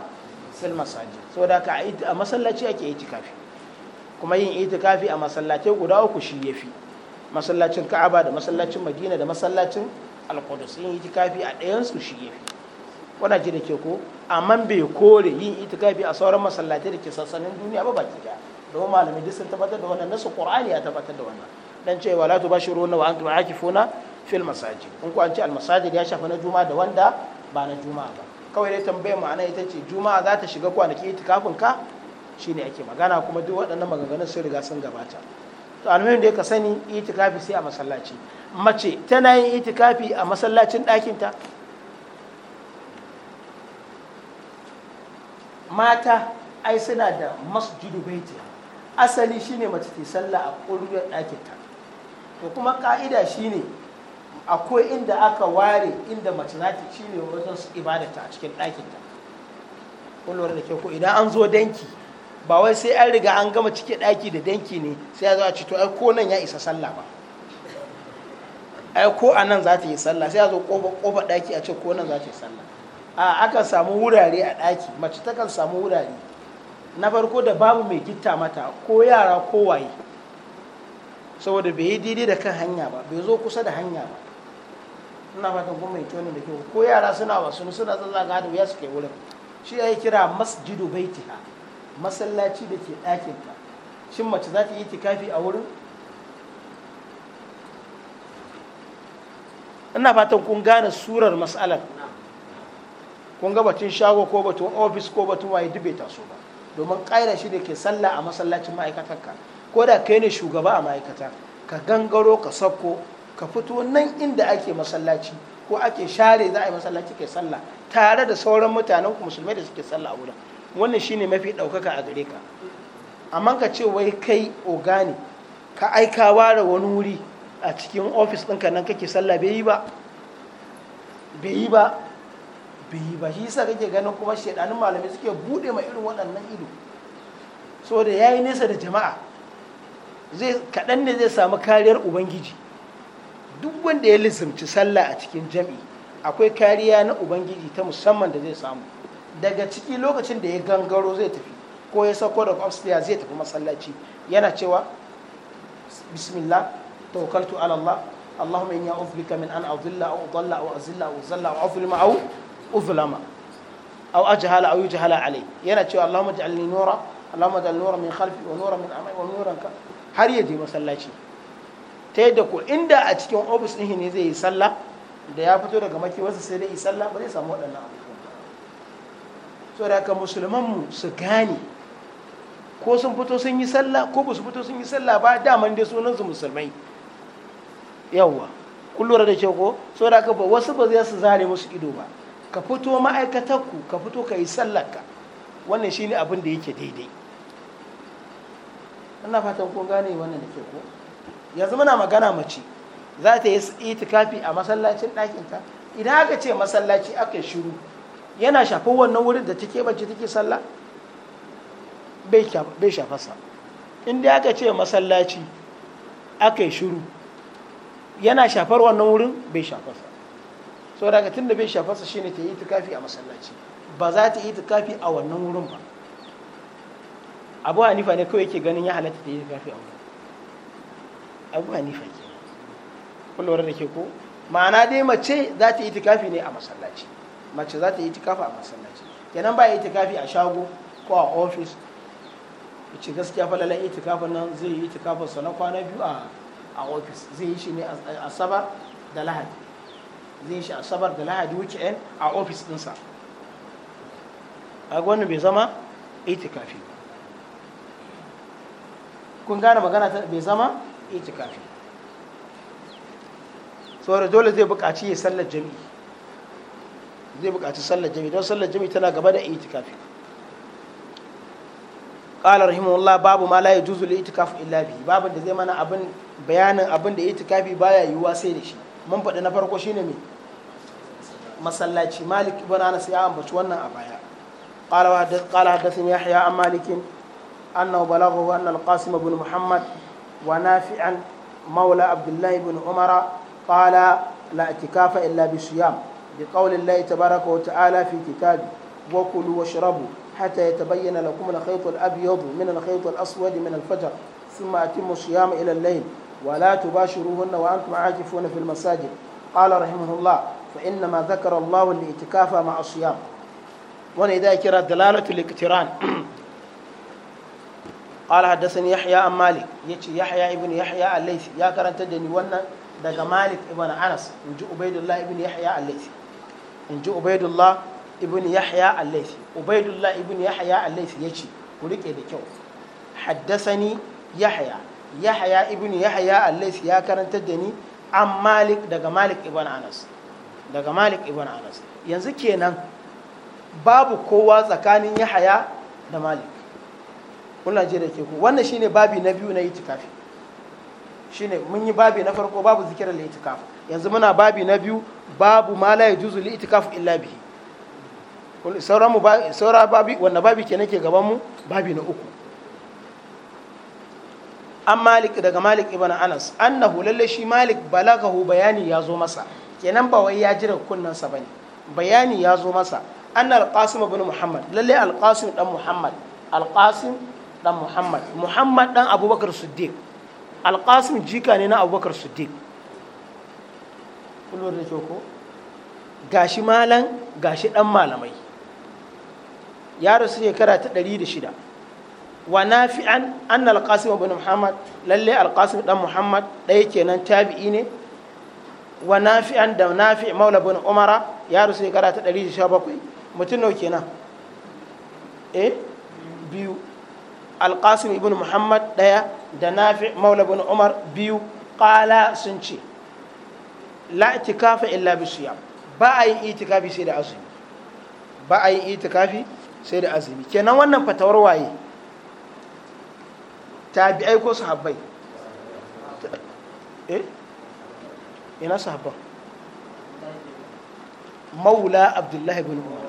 fil masajid saboda ka a masallaci ake itikafi kuma yin itikafi a masallatai guda uku shi yafi masallacin Ka'aba da masallacin Madina da masallacin Al-Qudus yin itikafi a ɗayan su shi yafi wannan ji da ke ko amma bai kore yin itikafi a sauran masallatai da ke sassanin duniya ba baki da don malamai duk sun tabbatar da wannan nasu Qur'ani ya tabbatar da wannan dan cewa la tubashiruna wa antum aakifuna fil masajid in ku an ce al masajid ya shafa na juma'a da wanda ba na juma'a ba kawai dai tambayar ma'ana ita ce juma'a za ta shiga kwanaki itikafin ka shine ake magana kuma duk waɗannan maganganun sun riga sun gabata to almuhim da ka sani itikafi sai a masallaci mace tana yin itikafi a masallacin ɗakinta mata ai suna da masjidu baiti asali shine mace ta sallah a ƙuriyar ɗakinta to kuma ƙa'ida shine akwai inda aka ware inda mace za ta shi ne su ibadata a cikin ɗakinta kullum da ke ko idan an zo danki ba wai sai an riga an gama cikin ɗaki da danki ne sai ya zo a cito ai ko nan ya isa sallah ba ai ko a nan za ta yi sallah sai ya zo kofa ɗaki a ce ko nan za ta yi sallah a akan samu wurare a ɗaki mace takan samu wurare na farko da babu mai gitta mata ko yara ko waye saboda bai yi daidai da kan hanya ba bai zo kusa da hanya ba ina fatan kuma mai kyau da kyau ko yara suna wasu suna zaza da wuya suke wurin shi ya kira masjidu baitiha masallaci da ke ɗakinta shin mace za ta yi tikafi a wurin ina fatan kun gane surar masalar kun ga batun shago ko batun ofis ko batun waye dube ta taso ba domin ƙaira shi da ke sallah a masallacin ma'aikatarka ko da kai ne shugaba a ma'aikata ka gangaro ka sauko ka fito nan inda ake masallaci ko ake share za a yi masallaci kai sallah tare da sauran mutanen ku musulmai da suke sallah a wurin wannan shine mafi ɗaukaka a gare ka amma ka ce wai kai ogani ka aika ware wani wuri a cikin ofis ɗinka nan kake sallah bai yi ba bai yi ba bai yi ba shi yasa kake ganin kuma shedanin malamai suke bude ma irin waɗannan ido saboda yayi nesa da jama'a zai kaɗan ne zai samu kariyar ubangiji duk wanda ya lizimci sallah a cikin jam'i akwai kariya na ubangiji ta musamman da zai samu daga ciki lokacin da ya gangaro zai tafi ko ya sauko daga upstairs zai tafi masallaci yana cewa bismillah tawakkaltu ala Allah اللهم إني أعوذ بك من أن أضل أو أضل أو أزل أو أزل أو أظلم أو أظلم أو أجهل أو يجهل yana cewa Allahumma ij'alni nura Allahumma ij'al nura min khalfi wa nura min amami wa nuran ka har yaje masallaci ta yadda ko inda a cikin ofis ɗin ne zai yi sallah da ya fito daga wasu sai dai yi sallah ba zai samu waɗannan abubuwan ba so da haka musulmanmu su gane ko sun fito sun yi sallah ko ba su fito sun yi sallah ba daman dai sunansu musulmai yawwa kun lura da kyau ko so da haka wasu ba zai su zare musu ido ba ka fito ku ka fito ka yi ka. wannan shine abin da yake daidai ana fatan kun gane wannan da ke ko yanzu muna magana mace za ta yi itikafi a masallacin ɗakinta idan aka ce masallaci aka yi shiru yana shafar wannan wurin da take bace take sallah bai shafarsa inda aka ce masallaci aka yi shiru yana shafar wannan wurin bai shafarsa so daga tun da bai shafarsa shine ta yi itikafi a masallaci ba za ta yi itikafi a wannan wurin ba abu hanifa ne kawai yake ganin ya halatta ta yi itikafi a wurin abu hanifa ke kullum da ke ko ma'ana dai mace za ta yi tikafi ne a masallaci mace za ta yi tikafi a masallaci kenan ba yi tikafi a shago ko a ofis ce gaskiya fa lalai itikafin nan zai yi itikafin sa na kwana biyu a a ofis zai yi shi ne asabar da lahadi zai yi shi sabar da lahadi weekend a ofis dinsa a wannan bai zama itikafi kun gane magana bai zama itikafi saboda dole zai buƙaci ya sallar jami'i zai buƙaci sallar jami'i don sallar jami'i tana gaba da itikafi qala rahimahullah babu ma la yajuzu li itikafu illa bi babin da zai mana abin bayanin abin da itikafi baya yiwuwa sai da shi mun faɗi na farko shine me masallaci malik ibn anas ya ambaci wannan a baya qala wa qala hadathani yahya an malikin annahu balaghahu anna al-qasim muhammad ونافعا مولى عبد الله بن عمر قال لا اعتكاف إلا بصيام بقول الله تبارك وتعالى في كتابه وكلوا واشربوا حتى يتبين لكم الخيط الأبيض من الخيط الأسود من الفجر ثم أتموا الصيام إلى الليل ولا تباشروهن وأنتم عاكفون في المساجد قال رحمه الله فإنما ذكر الله الاعتكاف مع الصيام وإذا كرا دلالة الاقتران قال حدثني يحيى عن مالك يتي يحيى ابن يحيى الليثي يا كرنت دني wannan daga Malik ibn Anas inji Ubaidullah ibn Yahya al-Laythi inji Ubaidullah ibn Yahya al-Laythi Ubaidullah ibn Yahya al-Laythi yace ku rike da kyau haddathani Yahya Yahya ibn Yahya al-Laythi ya karanta da ni an Malik daga Malik ibn Anas daga Malik ibn Anas yanzu kenan babu kowa tsakanin Yahya da Malik kuna ji da ke ku wannan shine babi na biyu na itikafi shine mun yi babi na farko babu zikirar li itikaf yanzu muna babi na biyu babu ma la yajuzu li itikaf illa bihi sauran mu saura babi wannan babi ke gaban mu babi na uku an malik daga malik ibn anas annahu lalle shi malik balagahu bayani ya zo masa kenan ba wai ya jira kunnan sa bane bayani ya zo masa anna al-qasim ibn muhammad lalle al-qasim dan muhammad al-qasim dan muhammad muhammad dan abubakar siddiq alƙasim jika ne na abubakar siddiq kullum da ko gashi malan gashi dan malamai ya rasu shekara ta 106 wa nafi'an an alƙasim ibn muhammad lalle alƙasim dan muhammad ɗaya kenan tabi'i ne wa nafi'an da nafi' maula ibn umara ya rasu shekara ta 117 mutum nau kenan eh biyu alƙasim ibn muhammad ɗaya da nafi maula ibn umar biyu ƙala sun ce la itikafa illa bi siyam ba a yi itikafi sai da azumi ba a yi itikafi sai da azumi kenan wannan fatawar waye tabi'ai ko sahabbai eh ina sahabban maula abdullahi ibn umar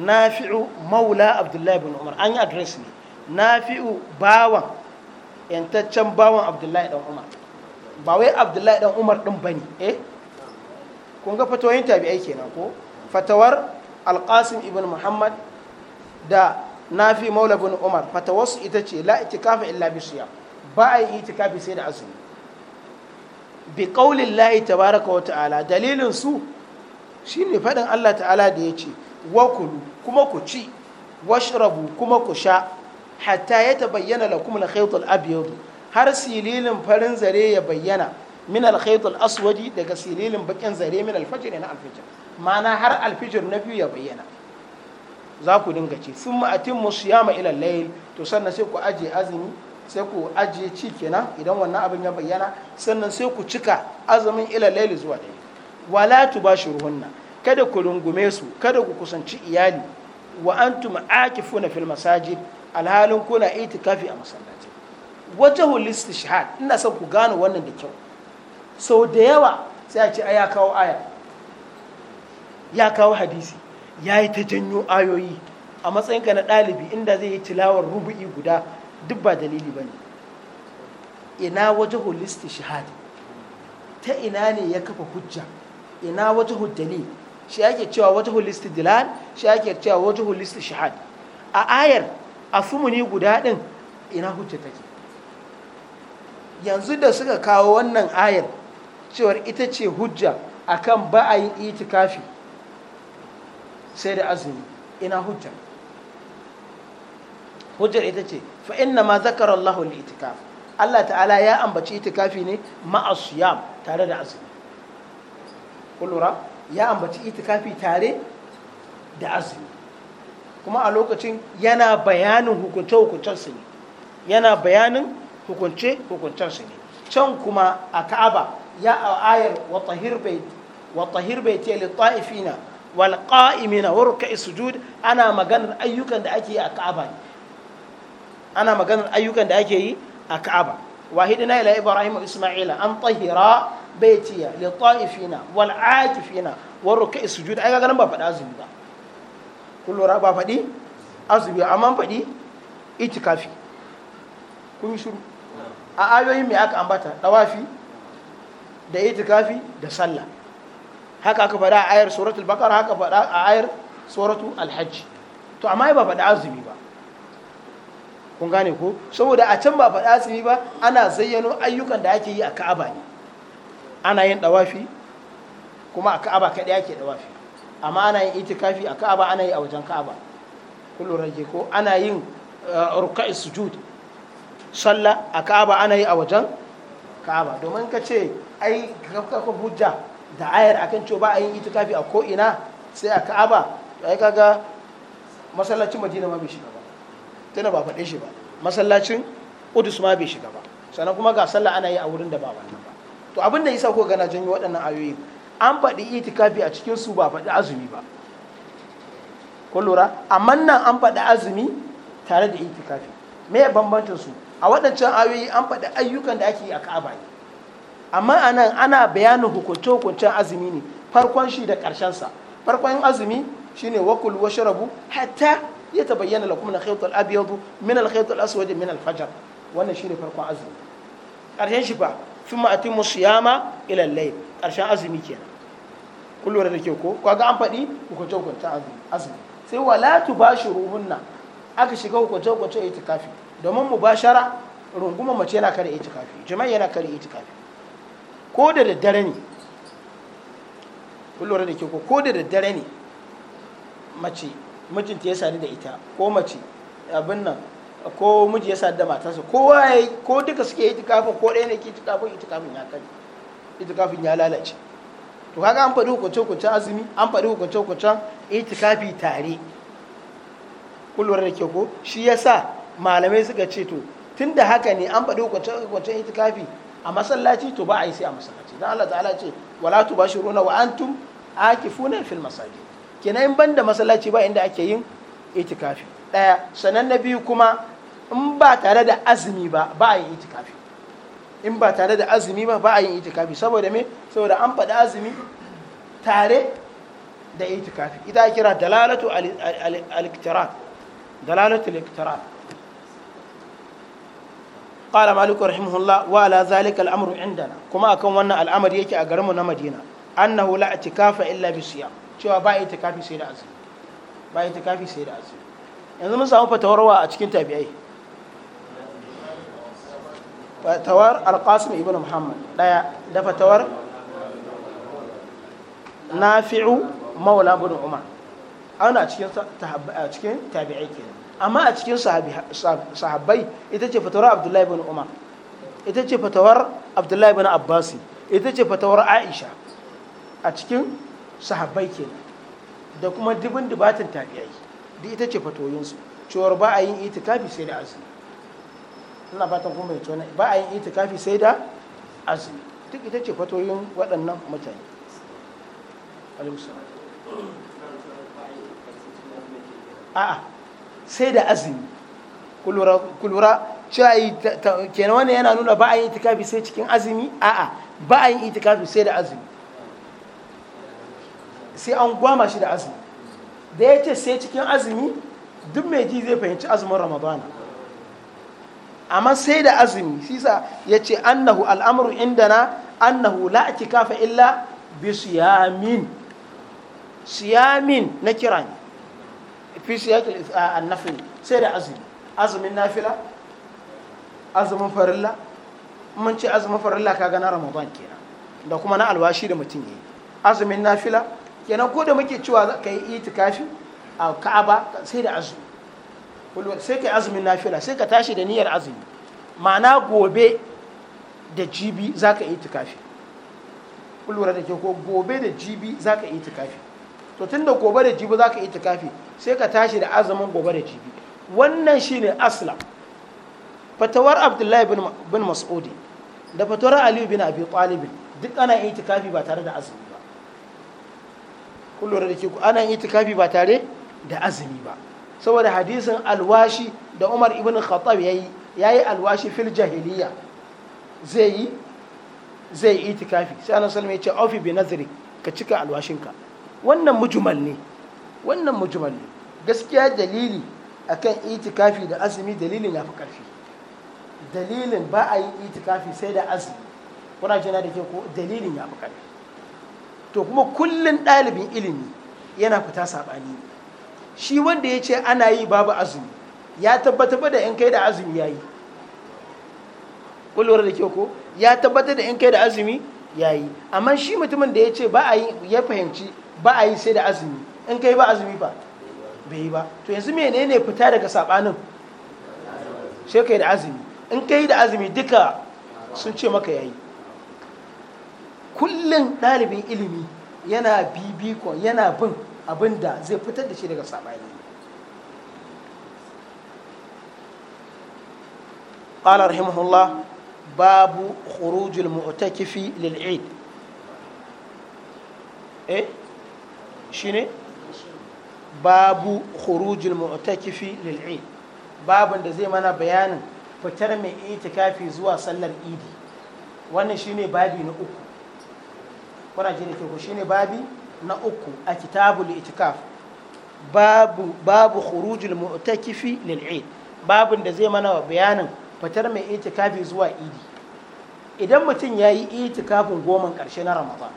nafi'u maula abdullahi ibn umar an yi adres ne nafi'u bawan yantaccen bawan abdullahi dan umar ba wai abdullahi dan umar din bane eh kun ga fatawoyin tabi'ai kenan ko fatawar alqasim ibn muhammad da nafi maula ibn umar fatawarsu ita ce la itikafa illa bi ba a yi itikafi sai da azumi bi qaulin layi tabaraka wa ta'ala dalilin su shine fadin Allah ta'ala da ya ce wa kulu kuma ku ci washrabu kuma ku sha hatta ya tabayyana la kuma khayt al-abyad har sililin farin zare ya bayyana min al aswadi daga sililin bakin zare min al na al ma'ana har al na biyu ya bayyana za ku dinga ci sun ma'atin musu yama ila layil to sannan sai ku ajiye azumi sai ku ajiye ci kenan idan wannan abin ya bayyana sannan sai ku cika azumin ila layil zuwa dare wala tu ba shi ruhunna kada ku rungume su kada ku kusanci iyali wa antum akifuna fil masajid alhalin kuna itikafi a masallaci wajahul istishhad ina son ku gano wannan da kyau sau da yawa sai a ce a ya kawo aya ya kawo hadisi ya yi ta janyo ayoyi a matsayinka na ɗalibi inda zai yi tilawar rubu'i guda duk ba dalili ba ne ina holistic shahad ta ina ne ya kafa hujja ina waje hudali shi ake cewa holistic dilan shi ake cewa holistic shahad a ayar a sumuni guda ɗin ina hujja take yanzu da suka kawo wannan ayar cewar ita ce hujja akan ba a yin itikafi sai da azumi ina hujja hujjar ita ce fa inna ma zakara Allahu itikaf Allah ta'ala ya ambaci itikafi ne ma'asiyam tare da azumi kullura ya ambaci itikafi tare da azumi kuma a lokacin yana bayanin hukunce-hukuncensu ne yana bayanin hukunce-hukuncensu ne can kuma a ka'aba ya a ayar watahir bai ce littafina wal qa'imina wa ruka sujud ana maganar ayyukan da ake yi a ka'aba ne ana maganar ayyukan da ake yi a ka'aba wahidina ila ibrahim isma'ila an tahira baitiya littafina wal aakifina wa ruka sujud ai ga nan ba faɗa zuwa kullura ba faɗi azumi amma faɗi itikafi kun yi shuru a ayoyin mai aka ambata ɗawafi da itikafi da sallah haka aka faɗa a ayar suratul bakar haka faɗa a ayar suratul alhajji to amma ba faɗa azumi ba kun gane ko saboda a can ba faɗa azumi ba ana zayyano ayyukan da ake yi a ka'aba ne ana yin ɗawafi kuma a ka'aba kaɗai ake ɗawafi amma ana yin itikafi a ka'aba ana yi a wajen ka'aba kullu rage ko ana yin eh, ruka'i sujud sallah a ka'aba ana yi a wajen ka'aba domin ka ce ai kafa hujja da ayar akan cewa ba a yin itikafi a ko ina sai a ka'aba ai kaga masallacin madina ma bai shiga ba tana ba faɗe shi ba masallacin udus ma bai shiga ba sannan kuma ga sallah ana yi a wurin da ba wannan ba to abin da yasa ko gana janyo waɗannan ayoyi an faɗi itikafi a cikin su ba faɗi azumi ba ko lura amma nan an faɗi azumi tare da itikafi me ya bambanta su a waɗancan ayoyi an faɗi ayyukan da ake yi a ka'aba ne amma a nan ana bayanin hukunce hukuncen azumi ne farkon shi da ƙarshen sa farkon azumi shine wakul washrabu hatta ya tabayyana lakum na khayt al-abyad min al-khayt aswad min al-fajr wannan shine farkon azumi ƙarshen shi fa thumma atimmu siyama ila al-layl ƙarshen azumi kenan kun lura da ke ko ga an faɗi hukunce hukunce azumi sai wala tu ruhunna aka shiga hukunce hukunce kafi domin mu shara runguma mace yana kare kafi jama'i yana kare kafi ko da daddare ne kun lura da ke ko ko da daddare ne mace mijinta ya sadu da ita ko mace abin nan ko miji ya sadu da matarsa waye ko duka suke itikafin ko ɗaya ne ke itikafin ya kare kafin ya lalace to kaga an faɗi hukunce hukuncen azumi an faɗi hukunce hukuncen itikafi tare kullum da ke ko shi yasa malamai suka ce to tun da haka ne an faɗi hukunce hukuncen itikafi a masallaci to ba a yi sai a masallaci don Allah ta'ala ce wala runa wa antum akifuna fil masaji kenan in banda masallaci ba inda ake yin itikafi ɗaya sanan na biyu kuma in ba tare da azumi ba ba a yin itikafi in ba tare da azumi ba ba a yin itikafi saboda me saboda an faɗi azumi tare da itikafi ita kira dalalatu al-iktirat dalalatu al-iktirat qala malik rahimahullah wa la zalika al-amru indana kuma akan wannan al'amari yake a garinmu na madina annahu la itikafa illa bi siyam cewa ba itikafi sai da azumi ba itikafi sai da azumi yanzu mun samu fatawarwa a cikin tabi'ai fatawar alƙasim ibn muhammad ɗaya da fatawar nafi'u maula bin umar ana cikin cikin tabi'ai kenan amma a cikin sahabbai ita ce fatawar abdullahi bin umar ita ce fatawar abdullahi bin abbasi ita ce fatawar aisha a cikin sahabbai kenan da kuma dubin dubatin tabi'ai duk ita ce fatoyinsu cewar ba a yin itikafi sai da azumi ina fatan kuma bai tona ba a yin itikafi sai da azumi duk ita ce fatoyin waɗannan mutane a'a sai da azumi kulura ta kenan wannan yana nuna ba a yin itikafi sai cikin azumi a'a ba a yin itikafi sai da azumi sai an gwama shi da azumi da ya ce sai cikin azumi duk mai ji zai fahimci azumin ramadana amma sai da azumi sisa ya ce annahu al'amuru indana annahu la'aki kafa illa bi siyamin siyamin na kira ne fi siyakil annafil sai da azumi azumin nafila azumin farilla mun ce azumin farilla ka gana ramadan kira da kuma na alwashi da mutum yi azumin nafila kenan ko da muke cewa ka yi itikafi a ka'aba sai da azumi kullum sai ka azumin nafila sai ka tashi da niyyar azumi ma'ana gobe da jibi za ka yi tukafi kullum da ke ko gobe da jibi za ka yi tukafi to tun da gobe da jibi za ka yi tukafi sai ka tashi da azumin gobe da jibi wannan shine aslam fatawar abdullahi bin mas'udi da fatawar aliyu bin abi talibin duk ana yi tukafi ba tare da azumi ba kullum da ke ana yi tukafi ba tare da azumi ba saboda hadisin alwashi da umar ibn khattab ya yi ya yi alwashi fil jahiliya zai yi zai yi itikafi sai annabi sallallahu ya ce aufi bi nazri ka cika alwashinka wannan mujmal ne wannan mujmal ne gaskiya dalili akan itikafi da azumi dalilin ya fi karfi dalilin ba a yi itikafi sai da azumi kuna jina da ke ko dalilin ya fi karfi to kuma kullun ɗalibin ilimi yana fita saɓani ne shi wanda ya ce ana yi babu azumi ya tabbatar da in kai da azumi ya yi kullum da ke ko ya tabbatar da in kai da azumi ya yi amma shi mutumin da ya ce ba a yi ya fahimci ba a yi sai da azumi in kai ba azumi ba bai yi ba to yanzu ne fita daga saɓanin sai kai da azumi in kai da azumi duka sun ce maka ya yi kullum ɗalibin ilimi yana bibikon yana bin abin da zai fitar da shi daga saɓani قال رحمه الله باب خروج المعتكف للعيد ايه شنو babu khurujul mu'takifi lil eid babun da zai mana bayanin fitar mai itikafi zuwa sallar idi wannan shine babi na uku kuna ji da ke ku shine babi na uku a kitabul itikaf babu babu khurujul mu'takifi lil eid babun da zai mana bayanin fitar mai itikafi zuwa idi idan mutum ya yi itikafin goma karshe na ramadan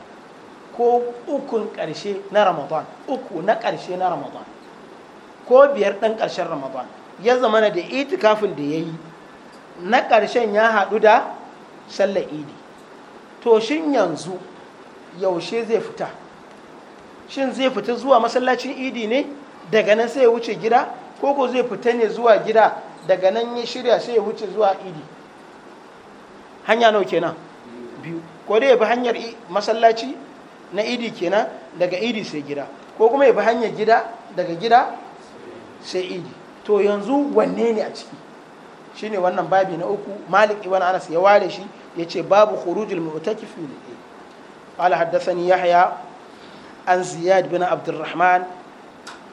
ko ukun karshe na ramadan uku na karshe na ramadan ko biyar ɗan karshen ramadan ya zama na da itikafin da ya yi na karshen ya haɗu da sallar idi to shin yanzu yaushe zai fita shin zai fita zuwa masallacin idi ne daga nan sai ya wuce gida ko ko zai fita ne zuwa gida daga nan ya shirya sai ya wuce zuwa idi hanya nawa kenan biyu ko dai ya bi hanyar masallaci na idi kenan daga idi sai gida ko kuma ya bi hanyar gida daga gida sai idi to yanzu wanne ne a ciki shine wannan babi na uku malik ibn anas ya ware shi ya ce babu khurujul mu'takifi qala ya yahya عن زياد بن عبد الرحمن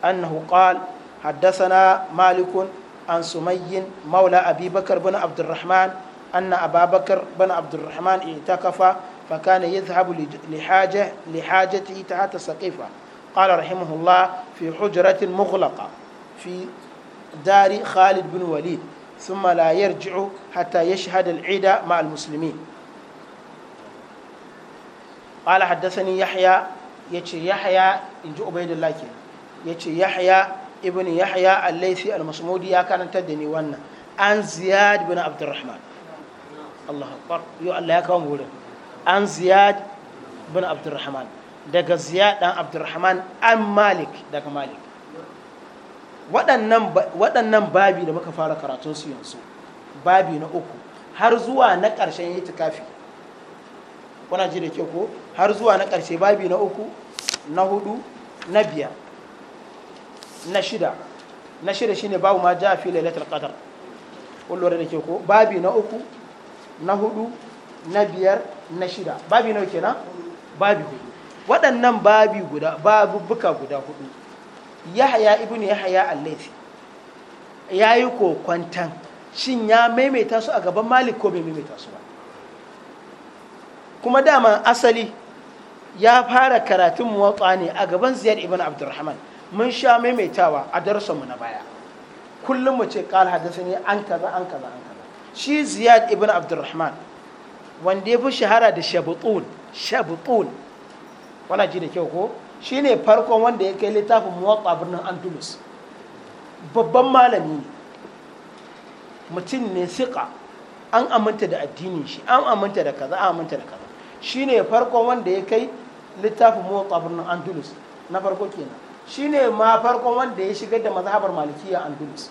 أنه قال حدثنا مالك عن سمي مولى أبي بكر بن عبد الرحمن أن أبا بكر بن عبد الرحمن اعتكف فكان يذهب لحاجة لحاجته تحت سقيفة قال رحمه الله في حجرة مغلقة في دار خالد بن وليد ثم لا يرجع حتى يشهد العيد مع المسلمين قال حدثني يحيى ya ce yahya in ji ubaidullah ke ya ce yahya ibn yahya al-laifi al-masmudi ya karanta da ni wannan an ziyad bin abdurrahman Allah akbar yau Allah ya kawo wurin an ziyad bin abdurrahman daga ziyad dan abdurrahman an malik daga malik waɗannan babi da muka fara karatun su yanzu babi na uku har zuwa na ƙarshen yi tukafi kuna ji da ke ko har zuwa na ƙarshe babi na uku na hudu na biyar na shida na shida shine babu ma ja fi lailatul qadar kullure da ke ko babi na uku na hudu na biyar na shida babi nawa kenan babi hudu waɗannan babi guda babubuka guda hudu yahya ibnu yahya al-laythi yayi kokwantan shin ya maimaita su a gaban malik ko bai maimaita su ba kuma dama asali ya fara karatun muwatsa ne a gaban ziyar ibn abdurrahman mun sha maimaitawa a mu na baya kullum mu ce kal hadasa ne an kaza an kaza an kaza shi ziyad ibn abdurrahman wanda ya fi shahara da shabutun shabutun wana ji da kyau ko shi ne farkon wanda ya kai littafin muwatsa birnin andalus babban malami mutum ne siƙa an aminta da addinin shi an aminta da kaza an aminta da kaza shi ne farkon wanda ya kai littafin motsa birnin andalus na farko kenan shine ma farkon wanda ya shigar da mazhabar malikiya andalus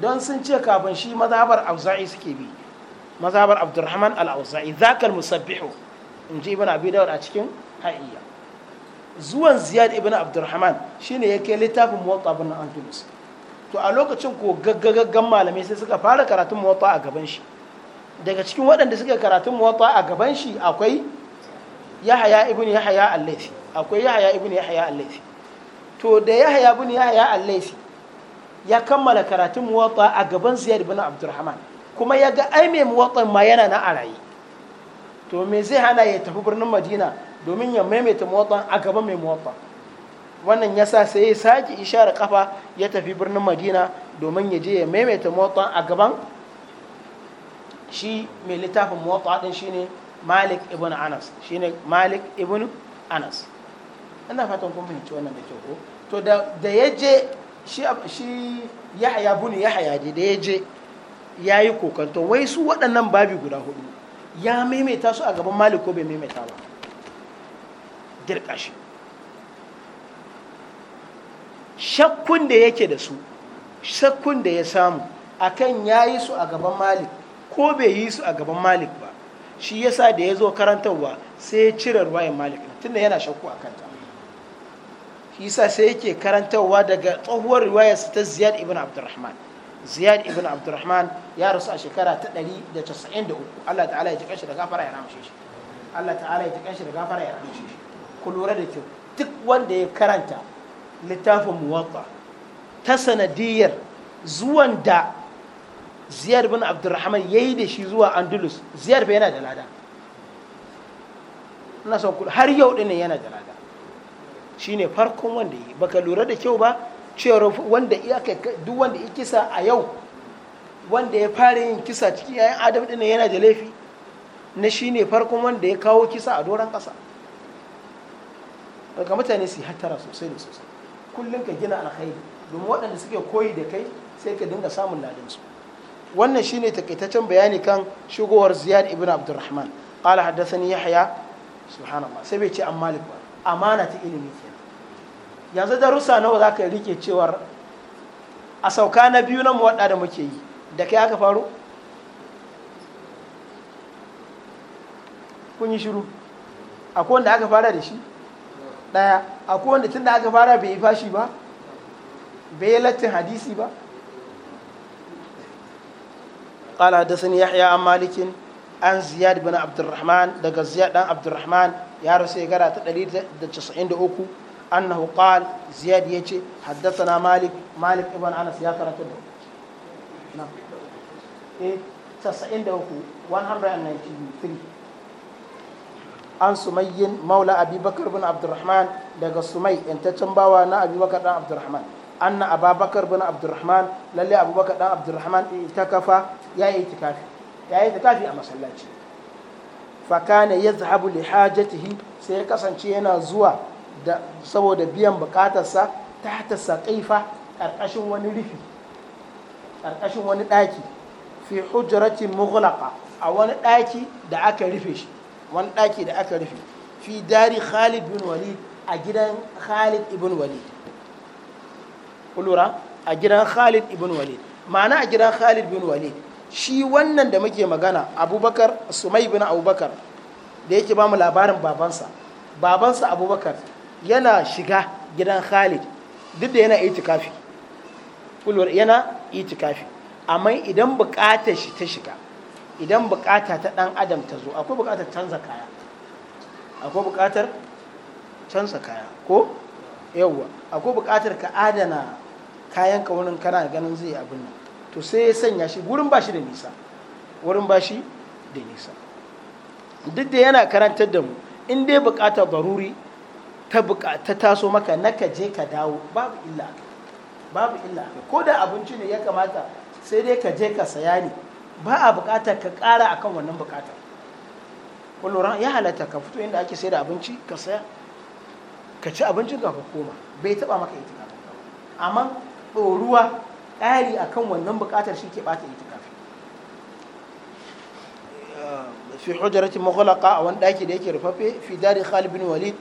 don sun ce kafin shi mazhabar auza'i suke bi mazhabar abdurrahman al-auza'i zakal musabbihu in ji ibn abi dawud a cikin ha'iyya zuwan ziyad ibn abdurrahman shine yake littafin motsa birnin andalus to a lokacin ko gaggagaggan malamai sai suka fara karatun motsa a gaban shi daga cikin waɗanda suka karatun motsa a gaban shi akwai yahaya ibn yahaya al-laythi akwai yahaya ibn yahaya al-laythi to da yahaya ibn yahaya al-laythi ya kammala karatun muwatta a gaban ziyad ibn abdurrahman kuma ya ga ai mai muwatta ma yana na arayi to me zai hana ya tafi birnin madina domin ya maimaita muwatta a gaban mai muwatta wannan yasa sai ya sake isharar kafa ya tafi birnin madina domin ya je ya maimaita muwatta a gaban shi mai littafin muwatta din shine malik ibn anas shine malik ibn anas ina fatan kun fahimci wannan da kyau ko to da ya je shi yahaya bunu yahaya je da ya je ya yi kokanto wai su waɗannan babi guda hudu ya maimaita su a gaban malik ko bai maimaita ba dirka shi shakkun da yake da su shakkun da ya samu akan ya yi su a gaban malik ko bai yi su a gaban malik ba shi yasa da ya zo karantarwa sai ya cire ruwayan malik tunda yana shakku a kanta shi yasa sai yake karantarwa daga tsohuwar ruwayarsa ta ziyad ibn abdurrahman ziyad ibn abdurrahman ya rasu a shekara ta 193 Allah ta'ala ya ji da gafara ya Allah ta'ala ya ji kanshi da gafara ya ramshe shi ku lura da kyau duk wanda ya karanta littafin muwatta ta sanadiyar zuwan da ziyar bin abdurrahman ya yi da shi zuwa andalus ziyar bai yana da lada na son kudu har yau ɗinin yana da lada shi ne farkon wanda yi baka lura da kyau ba cewar wanda iyaka duk wanda ya kisa a yau wanda ya fara yin kisa cikin yayin adam ɗinin yana da laifi na shi ne farkon wanda ya kawo kisa a doron kasa daga mutane su hattara sosai da sosai kullum ka gina alkhairi domin waɗanda suke koyi da kai sai ka dinga samun ladinsu wannan shine takaitaccen bayani kan shigowar ziyad ibn abdurrahman qala haddathani yahya subhanallah sai bai ce an malik ba amana ta ilimi kenan yanzu darussa nawa zaka rike cewar a sauka na biyu na muwadda da muke yi da kai aka faru kun yi shiru akwai wanda aka fara da shi daya akwai wanda tun da aka fara bai yi fashi ba bai yi lattin hadisi ba قال حدثني يحيى عن ya عن ya بن عبد الرحمن دق زياد بن عبد الرحمن يا رسول قرأ تقليد تسعين دقوكو أنه قال زياد يجي حدثنا مالك مالك ابن أنس يا ترى نعم إيه تسعين دقوكو 193 an sumayyin maula abubakar bin abdurrahman daga sumai yantaccen bawa na abubakar dan abdurrahman anna ababakar bin abdurrahman lalle abubakar dan abdurrahman in ta kafa ya yi itikafi ya yi itikafi a masallaci fakana ya zahabu li hajatihi sai ya kasance yana zuwa da saboda biyan bukatarsa ta ta saƙaifa ƙarƙashin wani rufi ƙarƙashin wani ɗaki fi hujratin mughlaqa a wani ɗaki da aka rufe shi wani ɗaki da aka rufe fi dari khalid bin walid a gidan khalid ibn walid kulura a gidan khalid ibn walid ma'ana a gidan khalid bin walid shi wannan da muke magana abubakar sumai bin abubakar da yake ba mu labarin babansa babansa abubakar yana shiga gidan khalid duk da yana itikafi kulwar yana itikafi amma idan bukatar shi ta shiga idan bukata ta dan adam ta zo akwai bukatar canza kaya akwai bukatar canza kaya ko yawwa akwai bukatar ka adana kayan ka wurin kana ganin zai abin nan to sai ya sanya shi wurin ba shi da nisa wurin ba shi da nisa duk da yana karantar da mu in dai bukata baruri ta ta taso maka na ka je ka dawo babu illa babu illa ko da abinci ne ya kamata sai dai ka je ka saya ne ba a bukata ka kara akan wannan bukata kullum ya halatta ka fito inda ake sayar da abinci ka saya ka ci abincin ka koma bai taba maka ita amma ɗoruwa ƙari akan wannan buƙatar shi ke bata itikafi fi hujarati mughlaqa a wani ɗaki da yake rufaffe fi dari Khalid bin Walid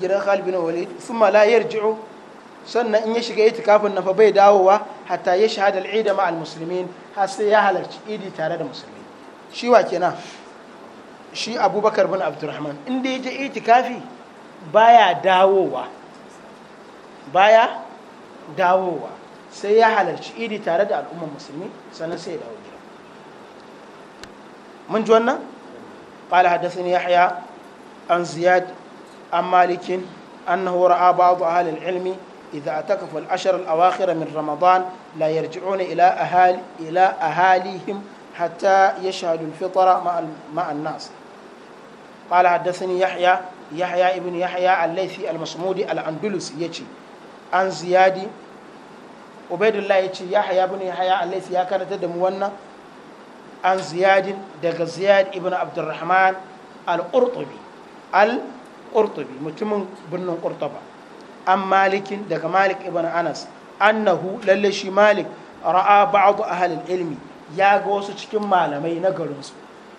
gidan Khalid bin Walid thumma la yarji'u sannan in ya shiga itikafin na fa bai dawowa hatta ya shahada al'ida ma al har sai ya halarci idi tare da musulmi shi wa kenan shi abubakar bin abdurrahman inda ya je itikafi baya dawowa baya dawowa sai ya halarci idi tare da al'ummar musulmi sannan sai ya dawo gida mun ji wannan ƙala haddasa ne an ziyad an malikin an na hura ba a halin ilmi idan a takafa al'ashar al'awakhira min ramadan la yarji'u ne ila ahalihim hatta ya shahadu fitara ma'an nas ƙala haddasa ne yahya yahya ibn yahya al-laifi al-masmudi al-andulus ya ce an ziyadi ubaidullah ya ce ya haya bin haya alaisi ya karanta da mu wannan an ziyadin daga ziyad ibn abdurrahman al-qurtubi al mutumin birnin qurtuba an malikin daga malik ibn anas annahu lalle shi malik ra'a ba'd ahli ilmi ya ga wasu cikin malamai na garinsu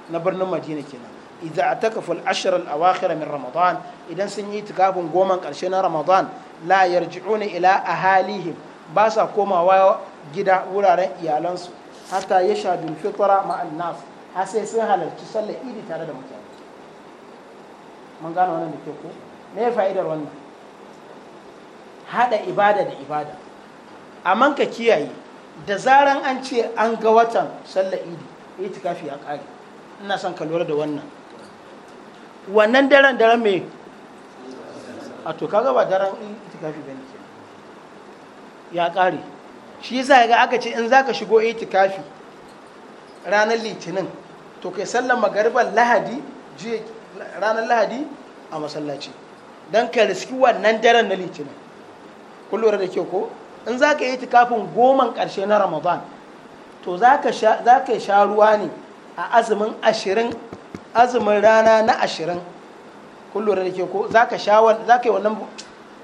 na birnin madina kenan idza atakafu al-ashr al-awakhir min ramadan idan sun yi tikafin goman karshe na ramadan la yarji'una ila ahalihim ba sa komawa gida wuraren iyalansu hatta ya shaɗu fitara ma'an nas har sai sun halarci sallar idi tare da mutane mun gano wannan da ke ko me fa'idar wannan hada ibada da ibada amma ka kiyaye da zaran an ce an ga watan sallar idi itikafi ya kare ina son ka lura da wannan wannan daren daren me a to kaga ba daren itikafi bane ya ƙare shi yasa ga aka ce in za ka shigo itikafi ranar litinin to kai sallama magariban lahadi ranar lahadi a masallaci don ka riski wannan daren na litinin kun da kyau ko in za ka yi itikafin goman ƙarshe na ramadan to za ka sha ruwa ne a azumin ashirin azumin rana na ashirin kun da kyau ko za ka yi wannan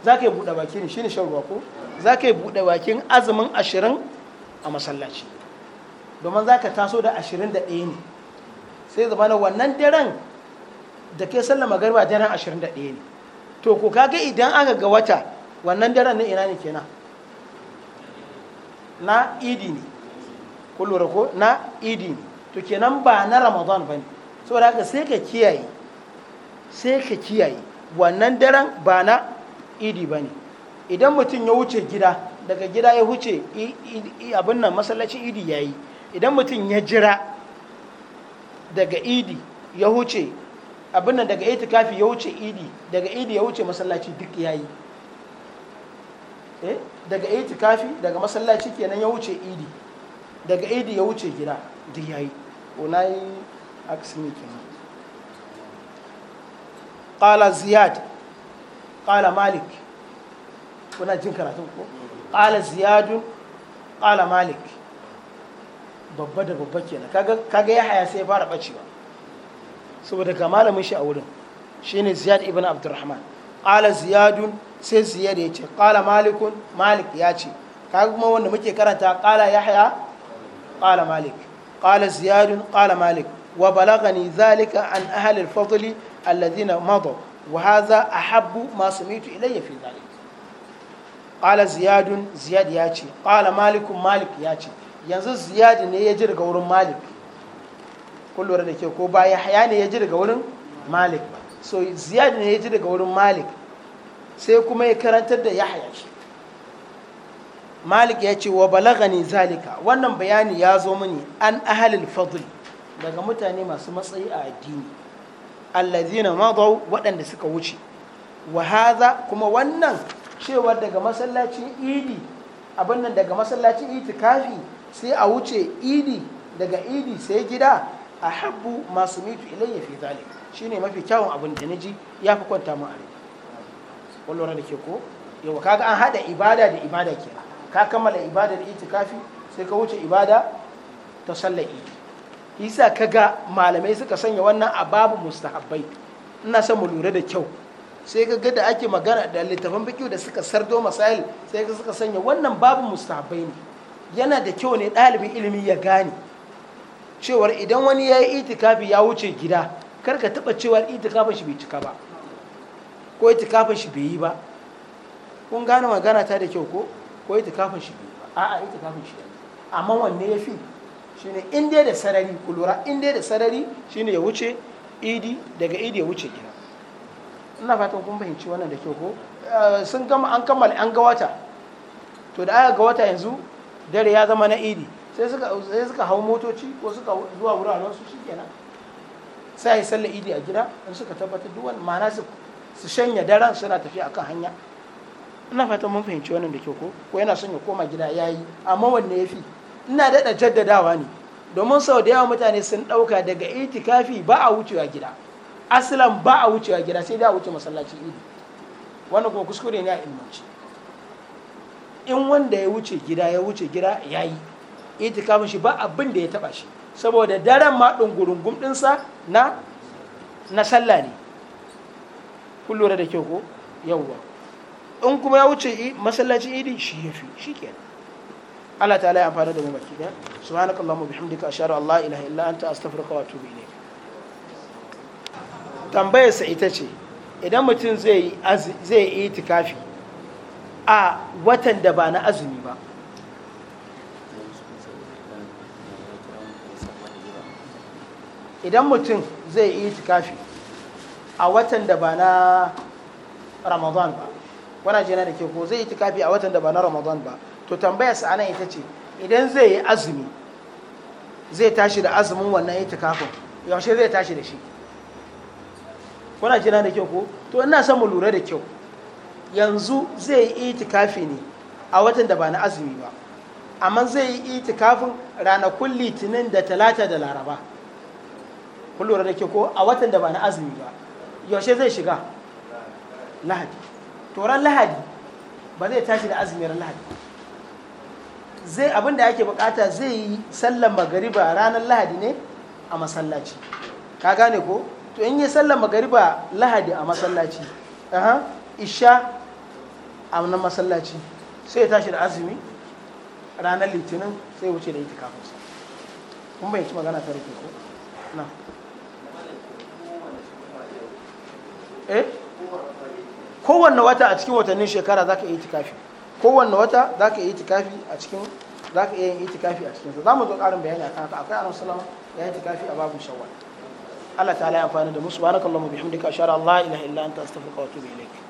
za ka yi buɗe baki ne shi ne shan ruwa ko za ka yi buɗe bakin azumin ashirin a masallaci domin za ka taso da ashirin da ɗaya ne sai zama na wannan daren da ke sallama magarba daren ashirin da ɗaya ne to ko kaga idan aka ga wata wannan daren na ina ne kenan na idi ne lura ko na idi ne to kenan ba na ramadan ba ne saboda haka sai ka kiyaye sai ka kiyaye wannan daren ba na idi ba ne idan mutum ya wuce gida daga gida ya wuce abin nan masallacin idi ya yi idan mutum ya jira daga idi ya wuce abin nan daga ita kafi ya wuce idi daga idi ya wuce masallaci duk ya yi eh? daga ita kafi daga masallaci kenan ya wuce idi daga idi ya wuce gida duk ya yi unayi aksini kenan qala ziyad qala malik kuna jin karatun ko qala ziyadun qala malik babba da babba kenan kaga kaga ya haya sai ya fara bacewa saboda ga malamin shi a wurin shine ziyad ibn abdurrahman qala ziyadun sai ziyad ya ce qala malikun malik ya ce kaga kuma wanda muke karanta qala yahya qala malik qala ziyadun qala malik wa balagani zalika an ahli al-fadl alladhina madu wa hadha ahabbu ma samitu ilayya fi zalika ƙala ziyadun ziyad ya ce ƙala malikun malik ya ce yanzu ziyad ne ya ji daga wurin malik kun da ke ko ba ya haya ne ya ji daga wurin malik so ziyad ne ya ji daga wurin malik sai kuma ya karantar da yahya shi malik ya ce wa balagani zalika wannan bayani ya zo mini an ahalil fadl daga mutane masu matsayi a addini allazina madaw waɗanda suka wuce wa kuma wannan cewa daga masallacin idi abin nan daga masallacin itikafi sai a wuce idi daga idi sai gida a habbu masu mitu ilayya fi shi shine mafi kyawun abin da na ji ya fi kwanta mu a rai wallora da ke ko yau kaga an hada ibada da ibada ke ka kammala ibadar itikafi sai ka wuce ibada ta sallar idi isa kaga malamai suka sanya wannan a babu mustahabbai ina son mu lura da kyau sai ga da ake magana da littafan fikiyu da suka sardo masail sai ga suka sanya wannan babu mustahabbai ne yana da kyau ne ɗalibin ilimi ya gane cewar idan wani ya yi itikafi ya wuce gida kar ka taɓa cewa itikafin shi bai cika ba ko itikafin shi bai yi ba kun gane magana ta da kyau ko ko itikafin shi bai yi ba a'a itikafin shi ya amma wanne ya fi shine in dai da sarari kulura in dai da sarari shine ya wuce idi daga idi ya wuce gida ina fatan kun fahimci wannan da kyau ko eh, sun gama an kammala an ga wata to da aka ga wata yanzu dare ya zama na idi sai suka sai suka hau motoci ko suka zuwa wuraren su shikenan sai ya sallar idi a gida in suka tabbatar duk wani ma'ana su su shanya daren suna tafiya akan hanya ina fatan mun fahimci wannan da kyau ko ko yana son ya koma gida yayi amma wanne yafi ina daɗa jaddadawa ne domin sau da yawa mutane sun ɗauka daga itikafi ba a wucewa gida asalan ba a wucewa gida sai dai a wuce masallacin idi wannan kuma kuskure ne a ilmanci in wanda ya wuce gida ya wuce gida ya yi itikafin shi ba abin da ya taba shi saboda daren ma ɗungurungum ɗinsa na na sallah ne kun lura da kyau ko yawwa in kuma ya wuce masallacin idi shi ya fi shi kenan Allah ta'ala ya amfana da mu baki da subhanakallahumma bihamdika ashhadu Allah ila ilaha illa anta astaghfiruka wa atubu ilayk tambayarsa ita ce idan mutum zai yi itikafi a watan da ba na azumi ba idan mutum zai yi itikafi a watan da ba na ramadan ba wana jina da ke ko zai yi itikafi a watan da ba na ramadan ba to tambayarsa anan ita ce idan zai yi azumi zai tashi da azumin wannan itikafin yaushe zai tashi da shi kuna jina da kyau ko to ina son mu lura da kyau yanzu zai yi itikafi ne a watan da ba na azumi ba amma zai yi itikafin ranakun litinin da talata da laraba kun lura da kyau ko a watan da ba na azumi ba yaushe zai shiga lahadi ran lahadi ba zai tashi da ran lahadi zai abinda yake bukata zai yi sallan magariba ranar lahadi ne a masallaci ka gane ko to in yi sallar magariba lahadi a masallaci aha isha a nan masallaci sai ya tashi da azumi ranar litinin sai wuce da ita kafin sa kun bai ci magana ta rufe ko na eh kowanne wata a cikin watannin shekara za ka yi itikafi kowanne wata za ka yi itikafi a cikin za ka iya itikafi a cikin.. za mu zo ƙarin bayani a kan akwai a aron salama ya yi itikafi a babu shawara Allah ta'ala ya amfani da mu subhanakallahumma bihamdika ashhadu an la ilaha illa anta astaghfiruka wa atubu ilaik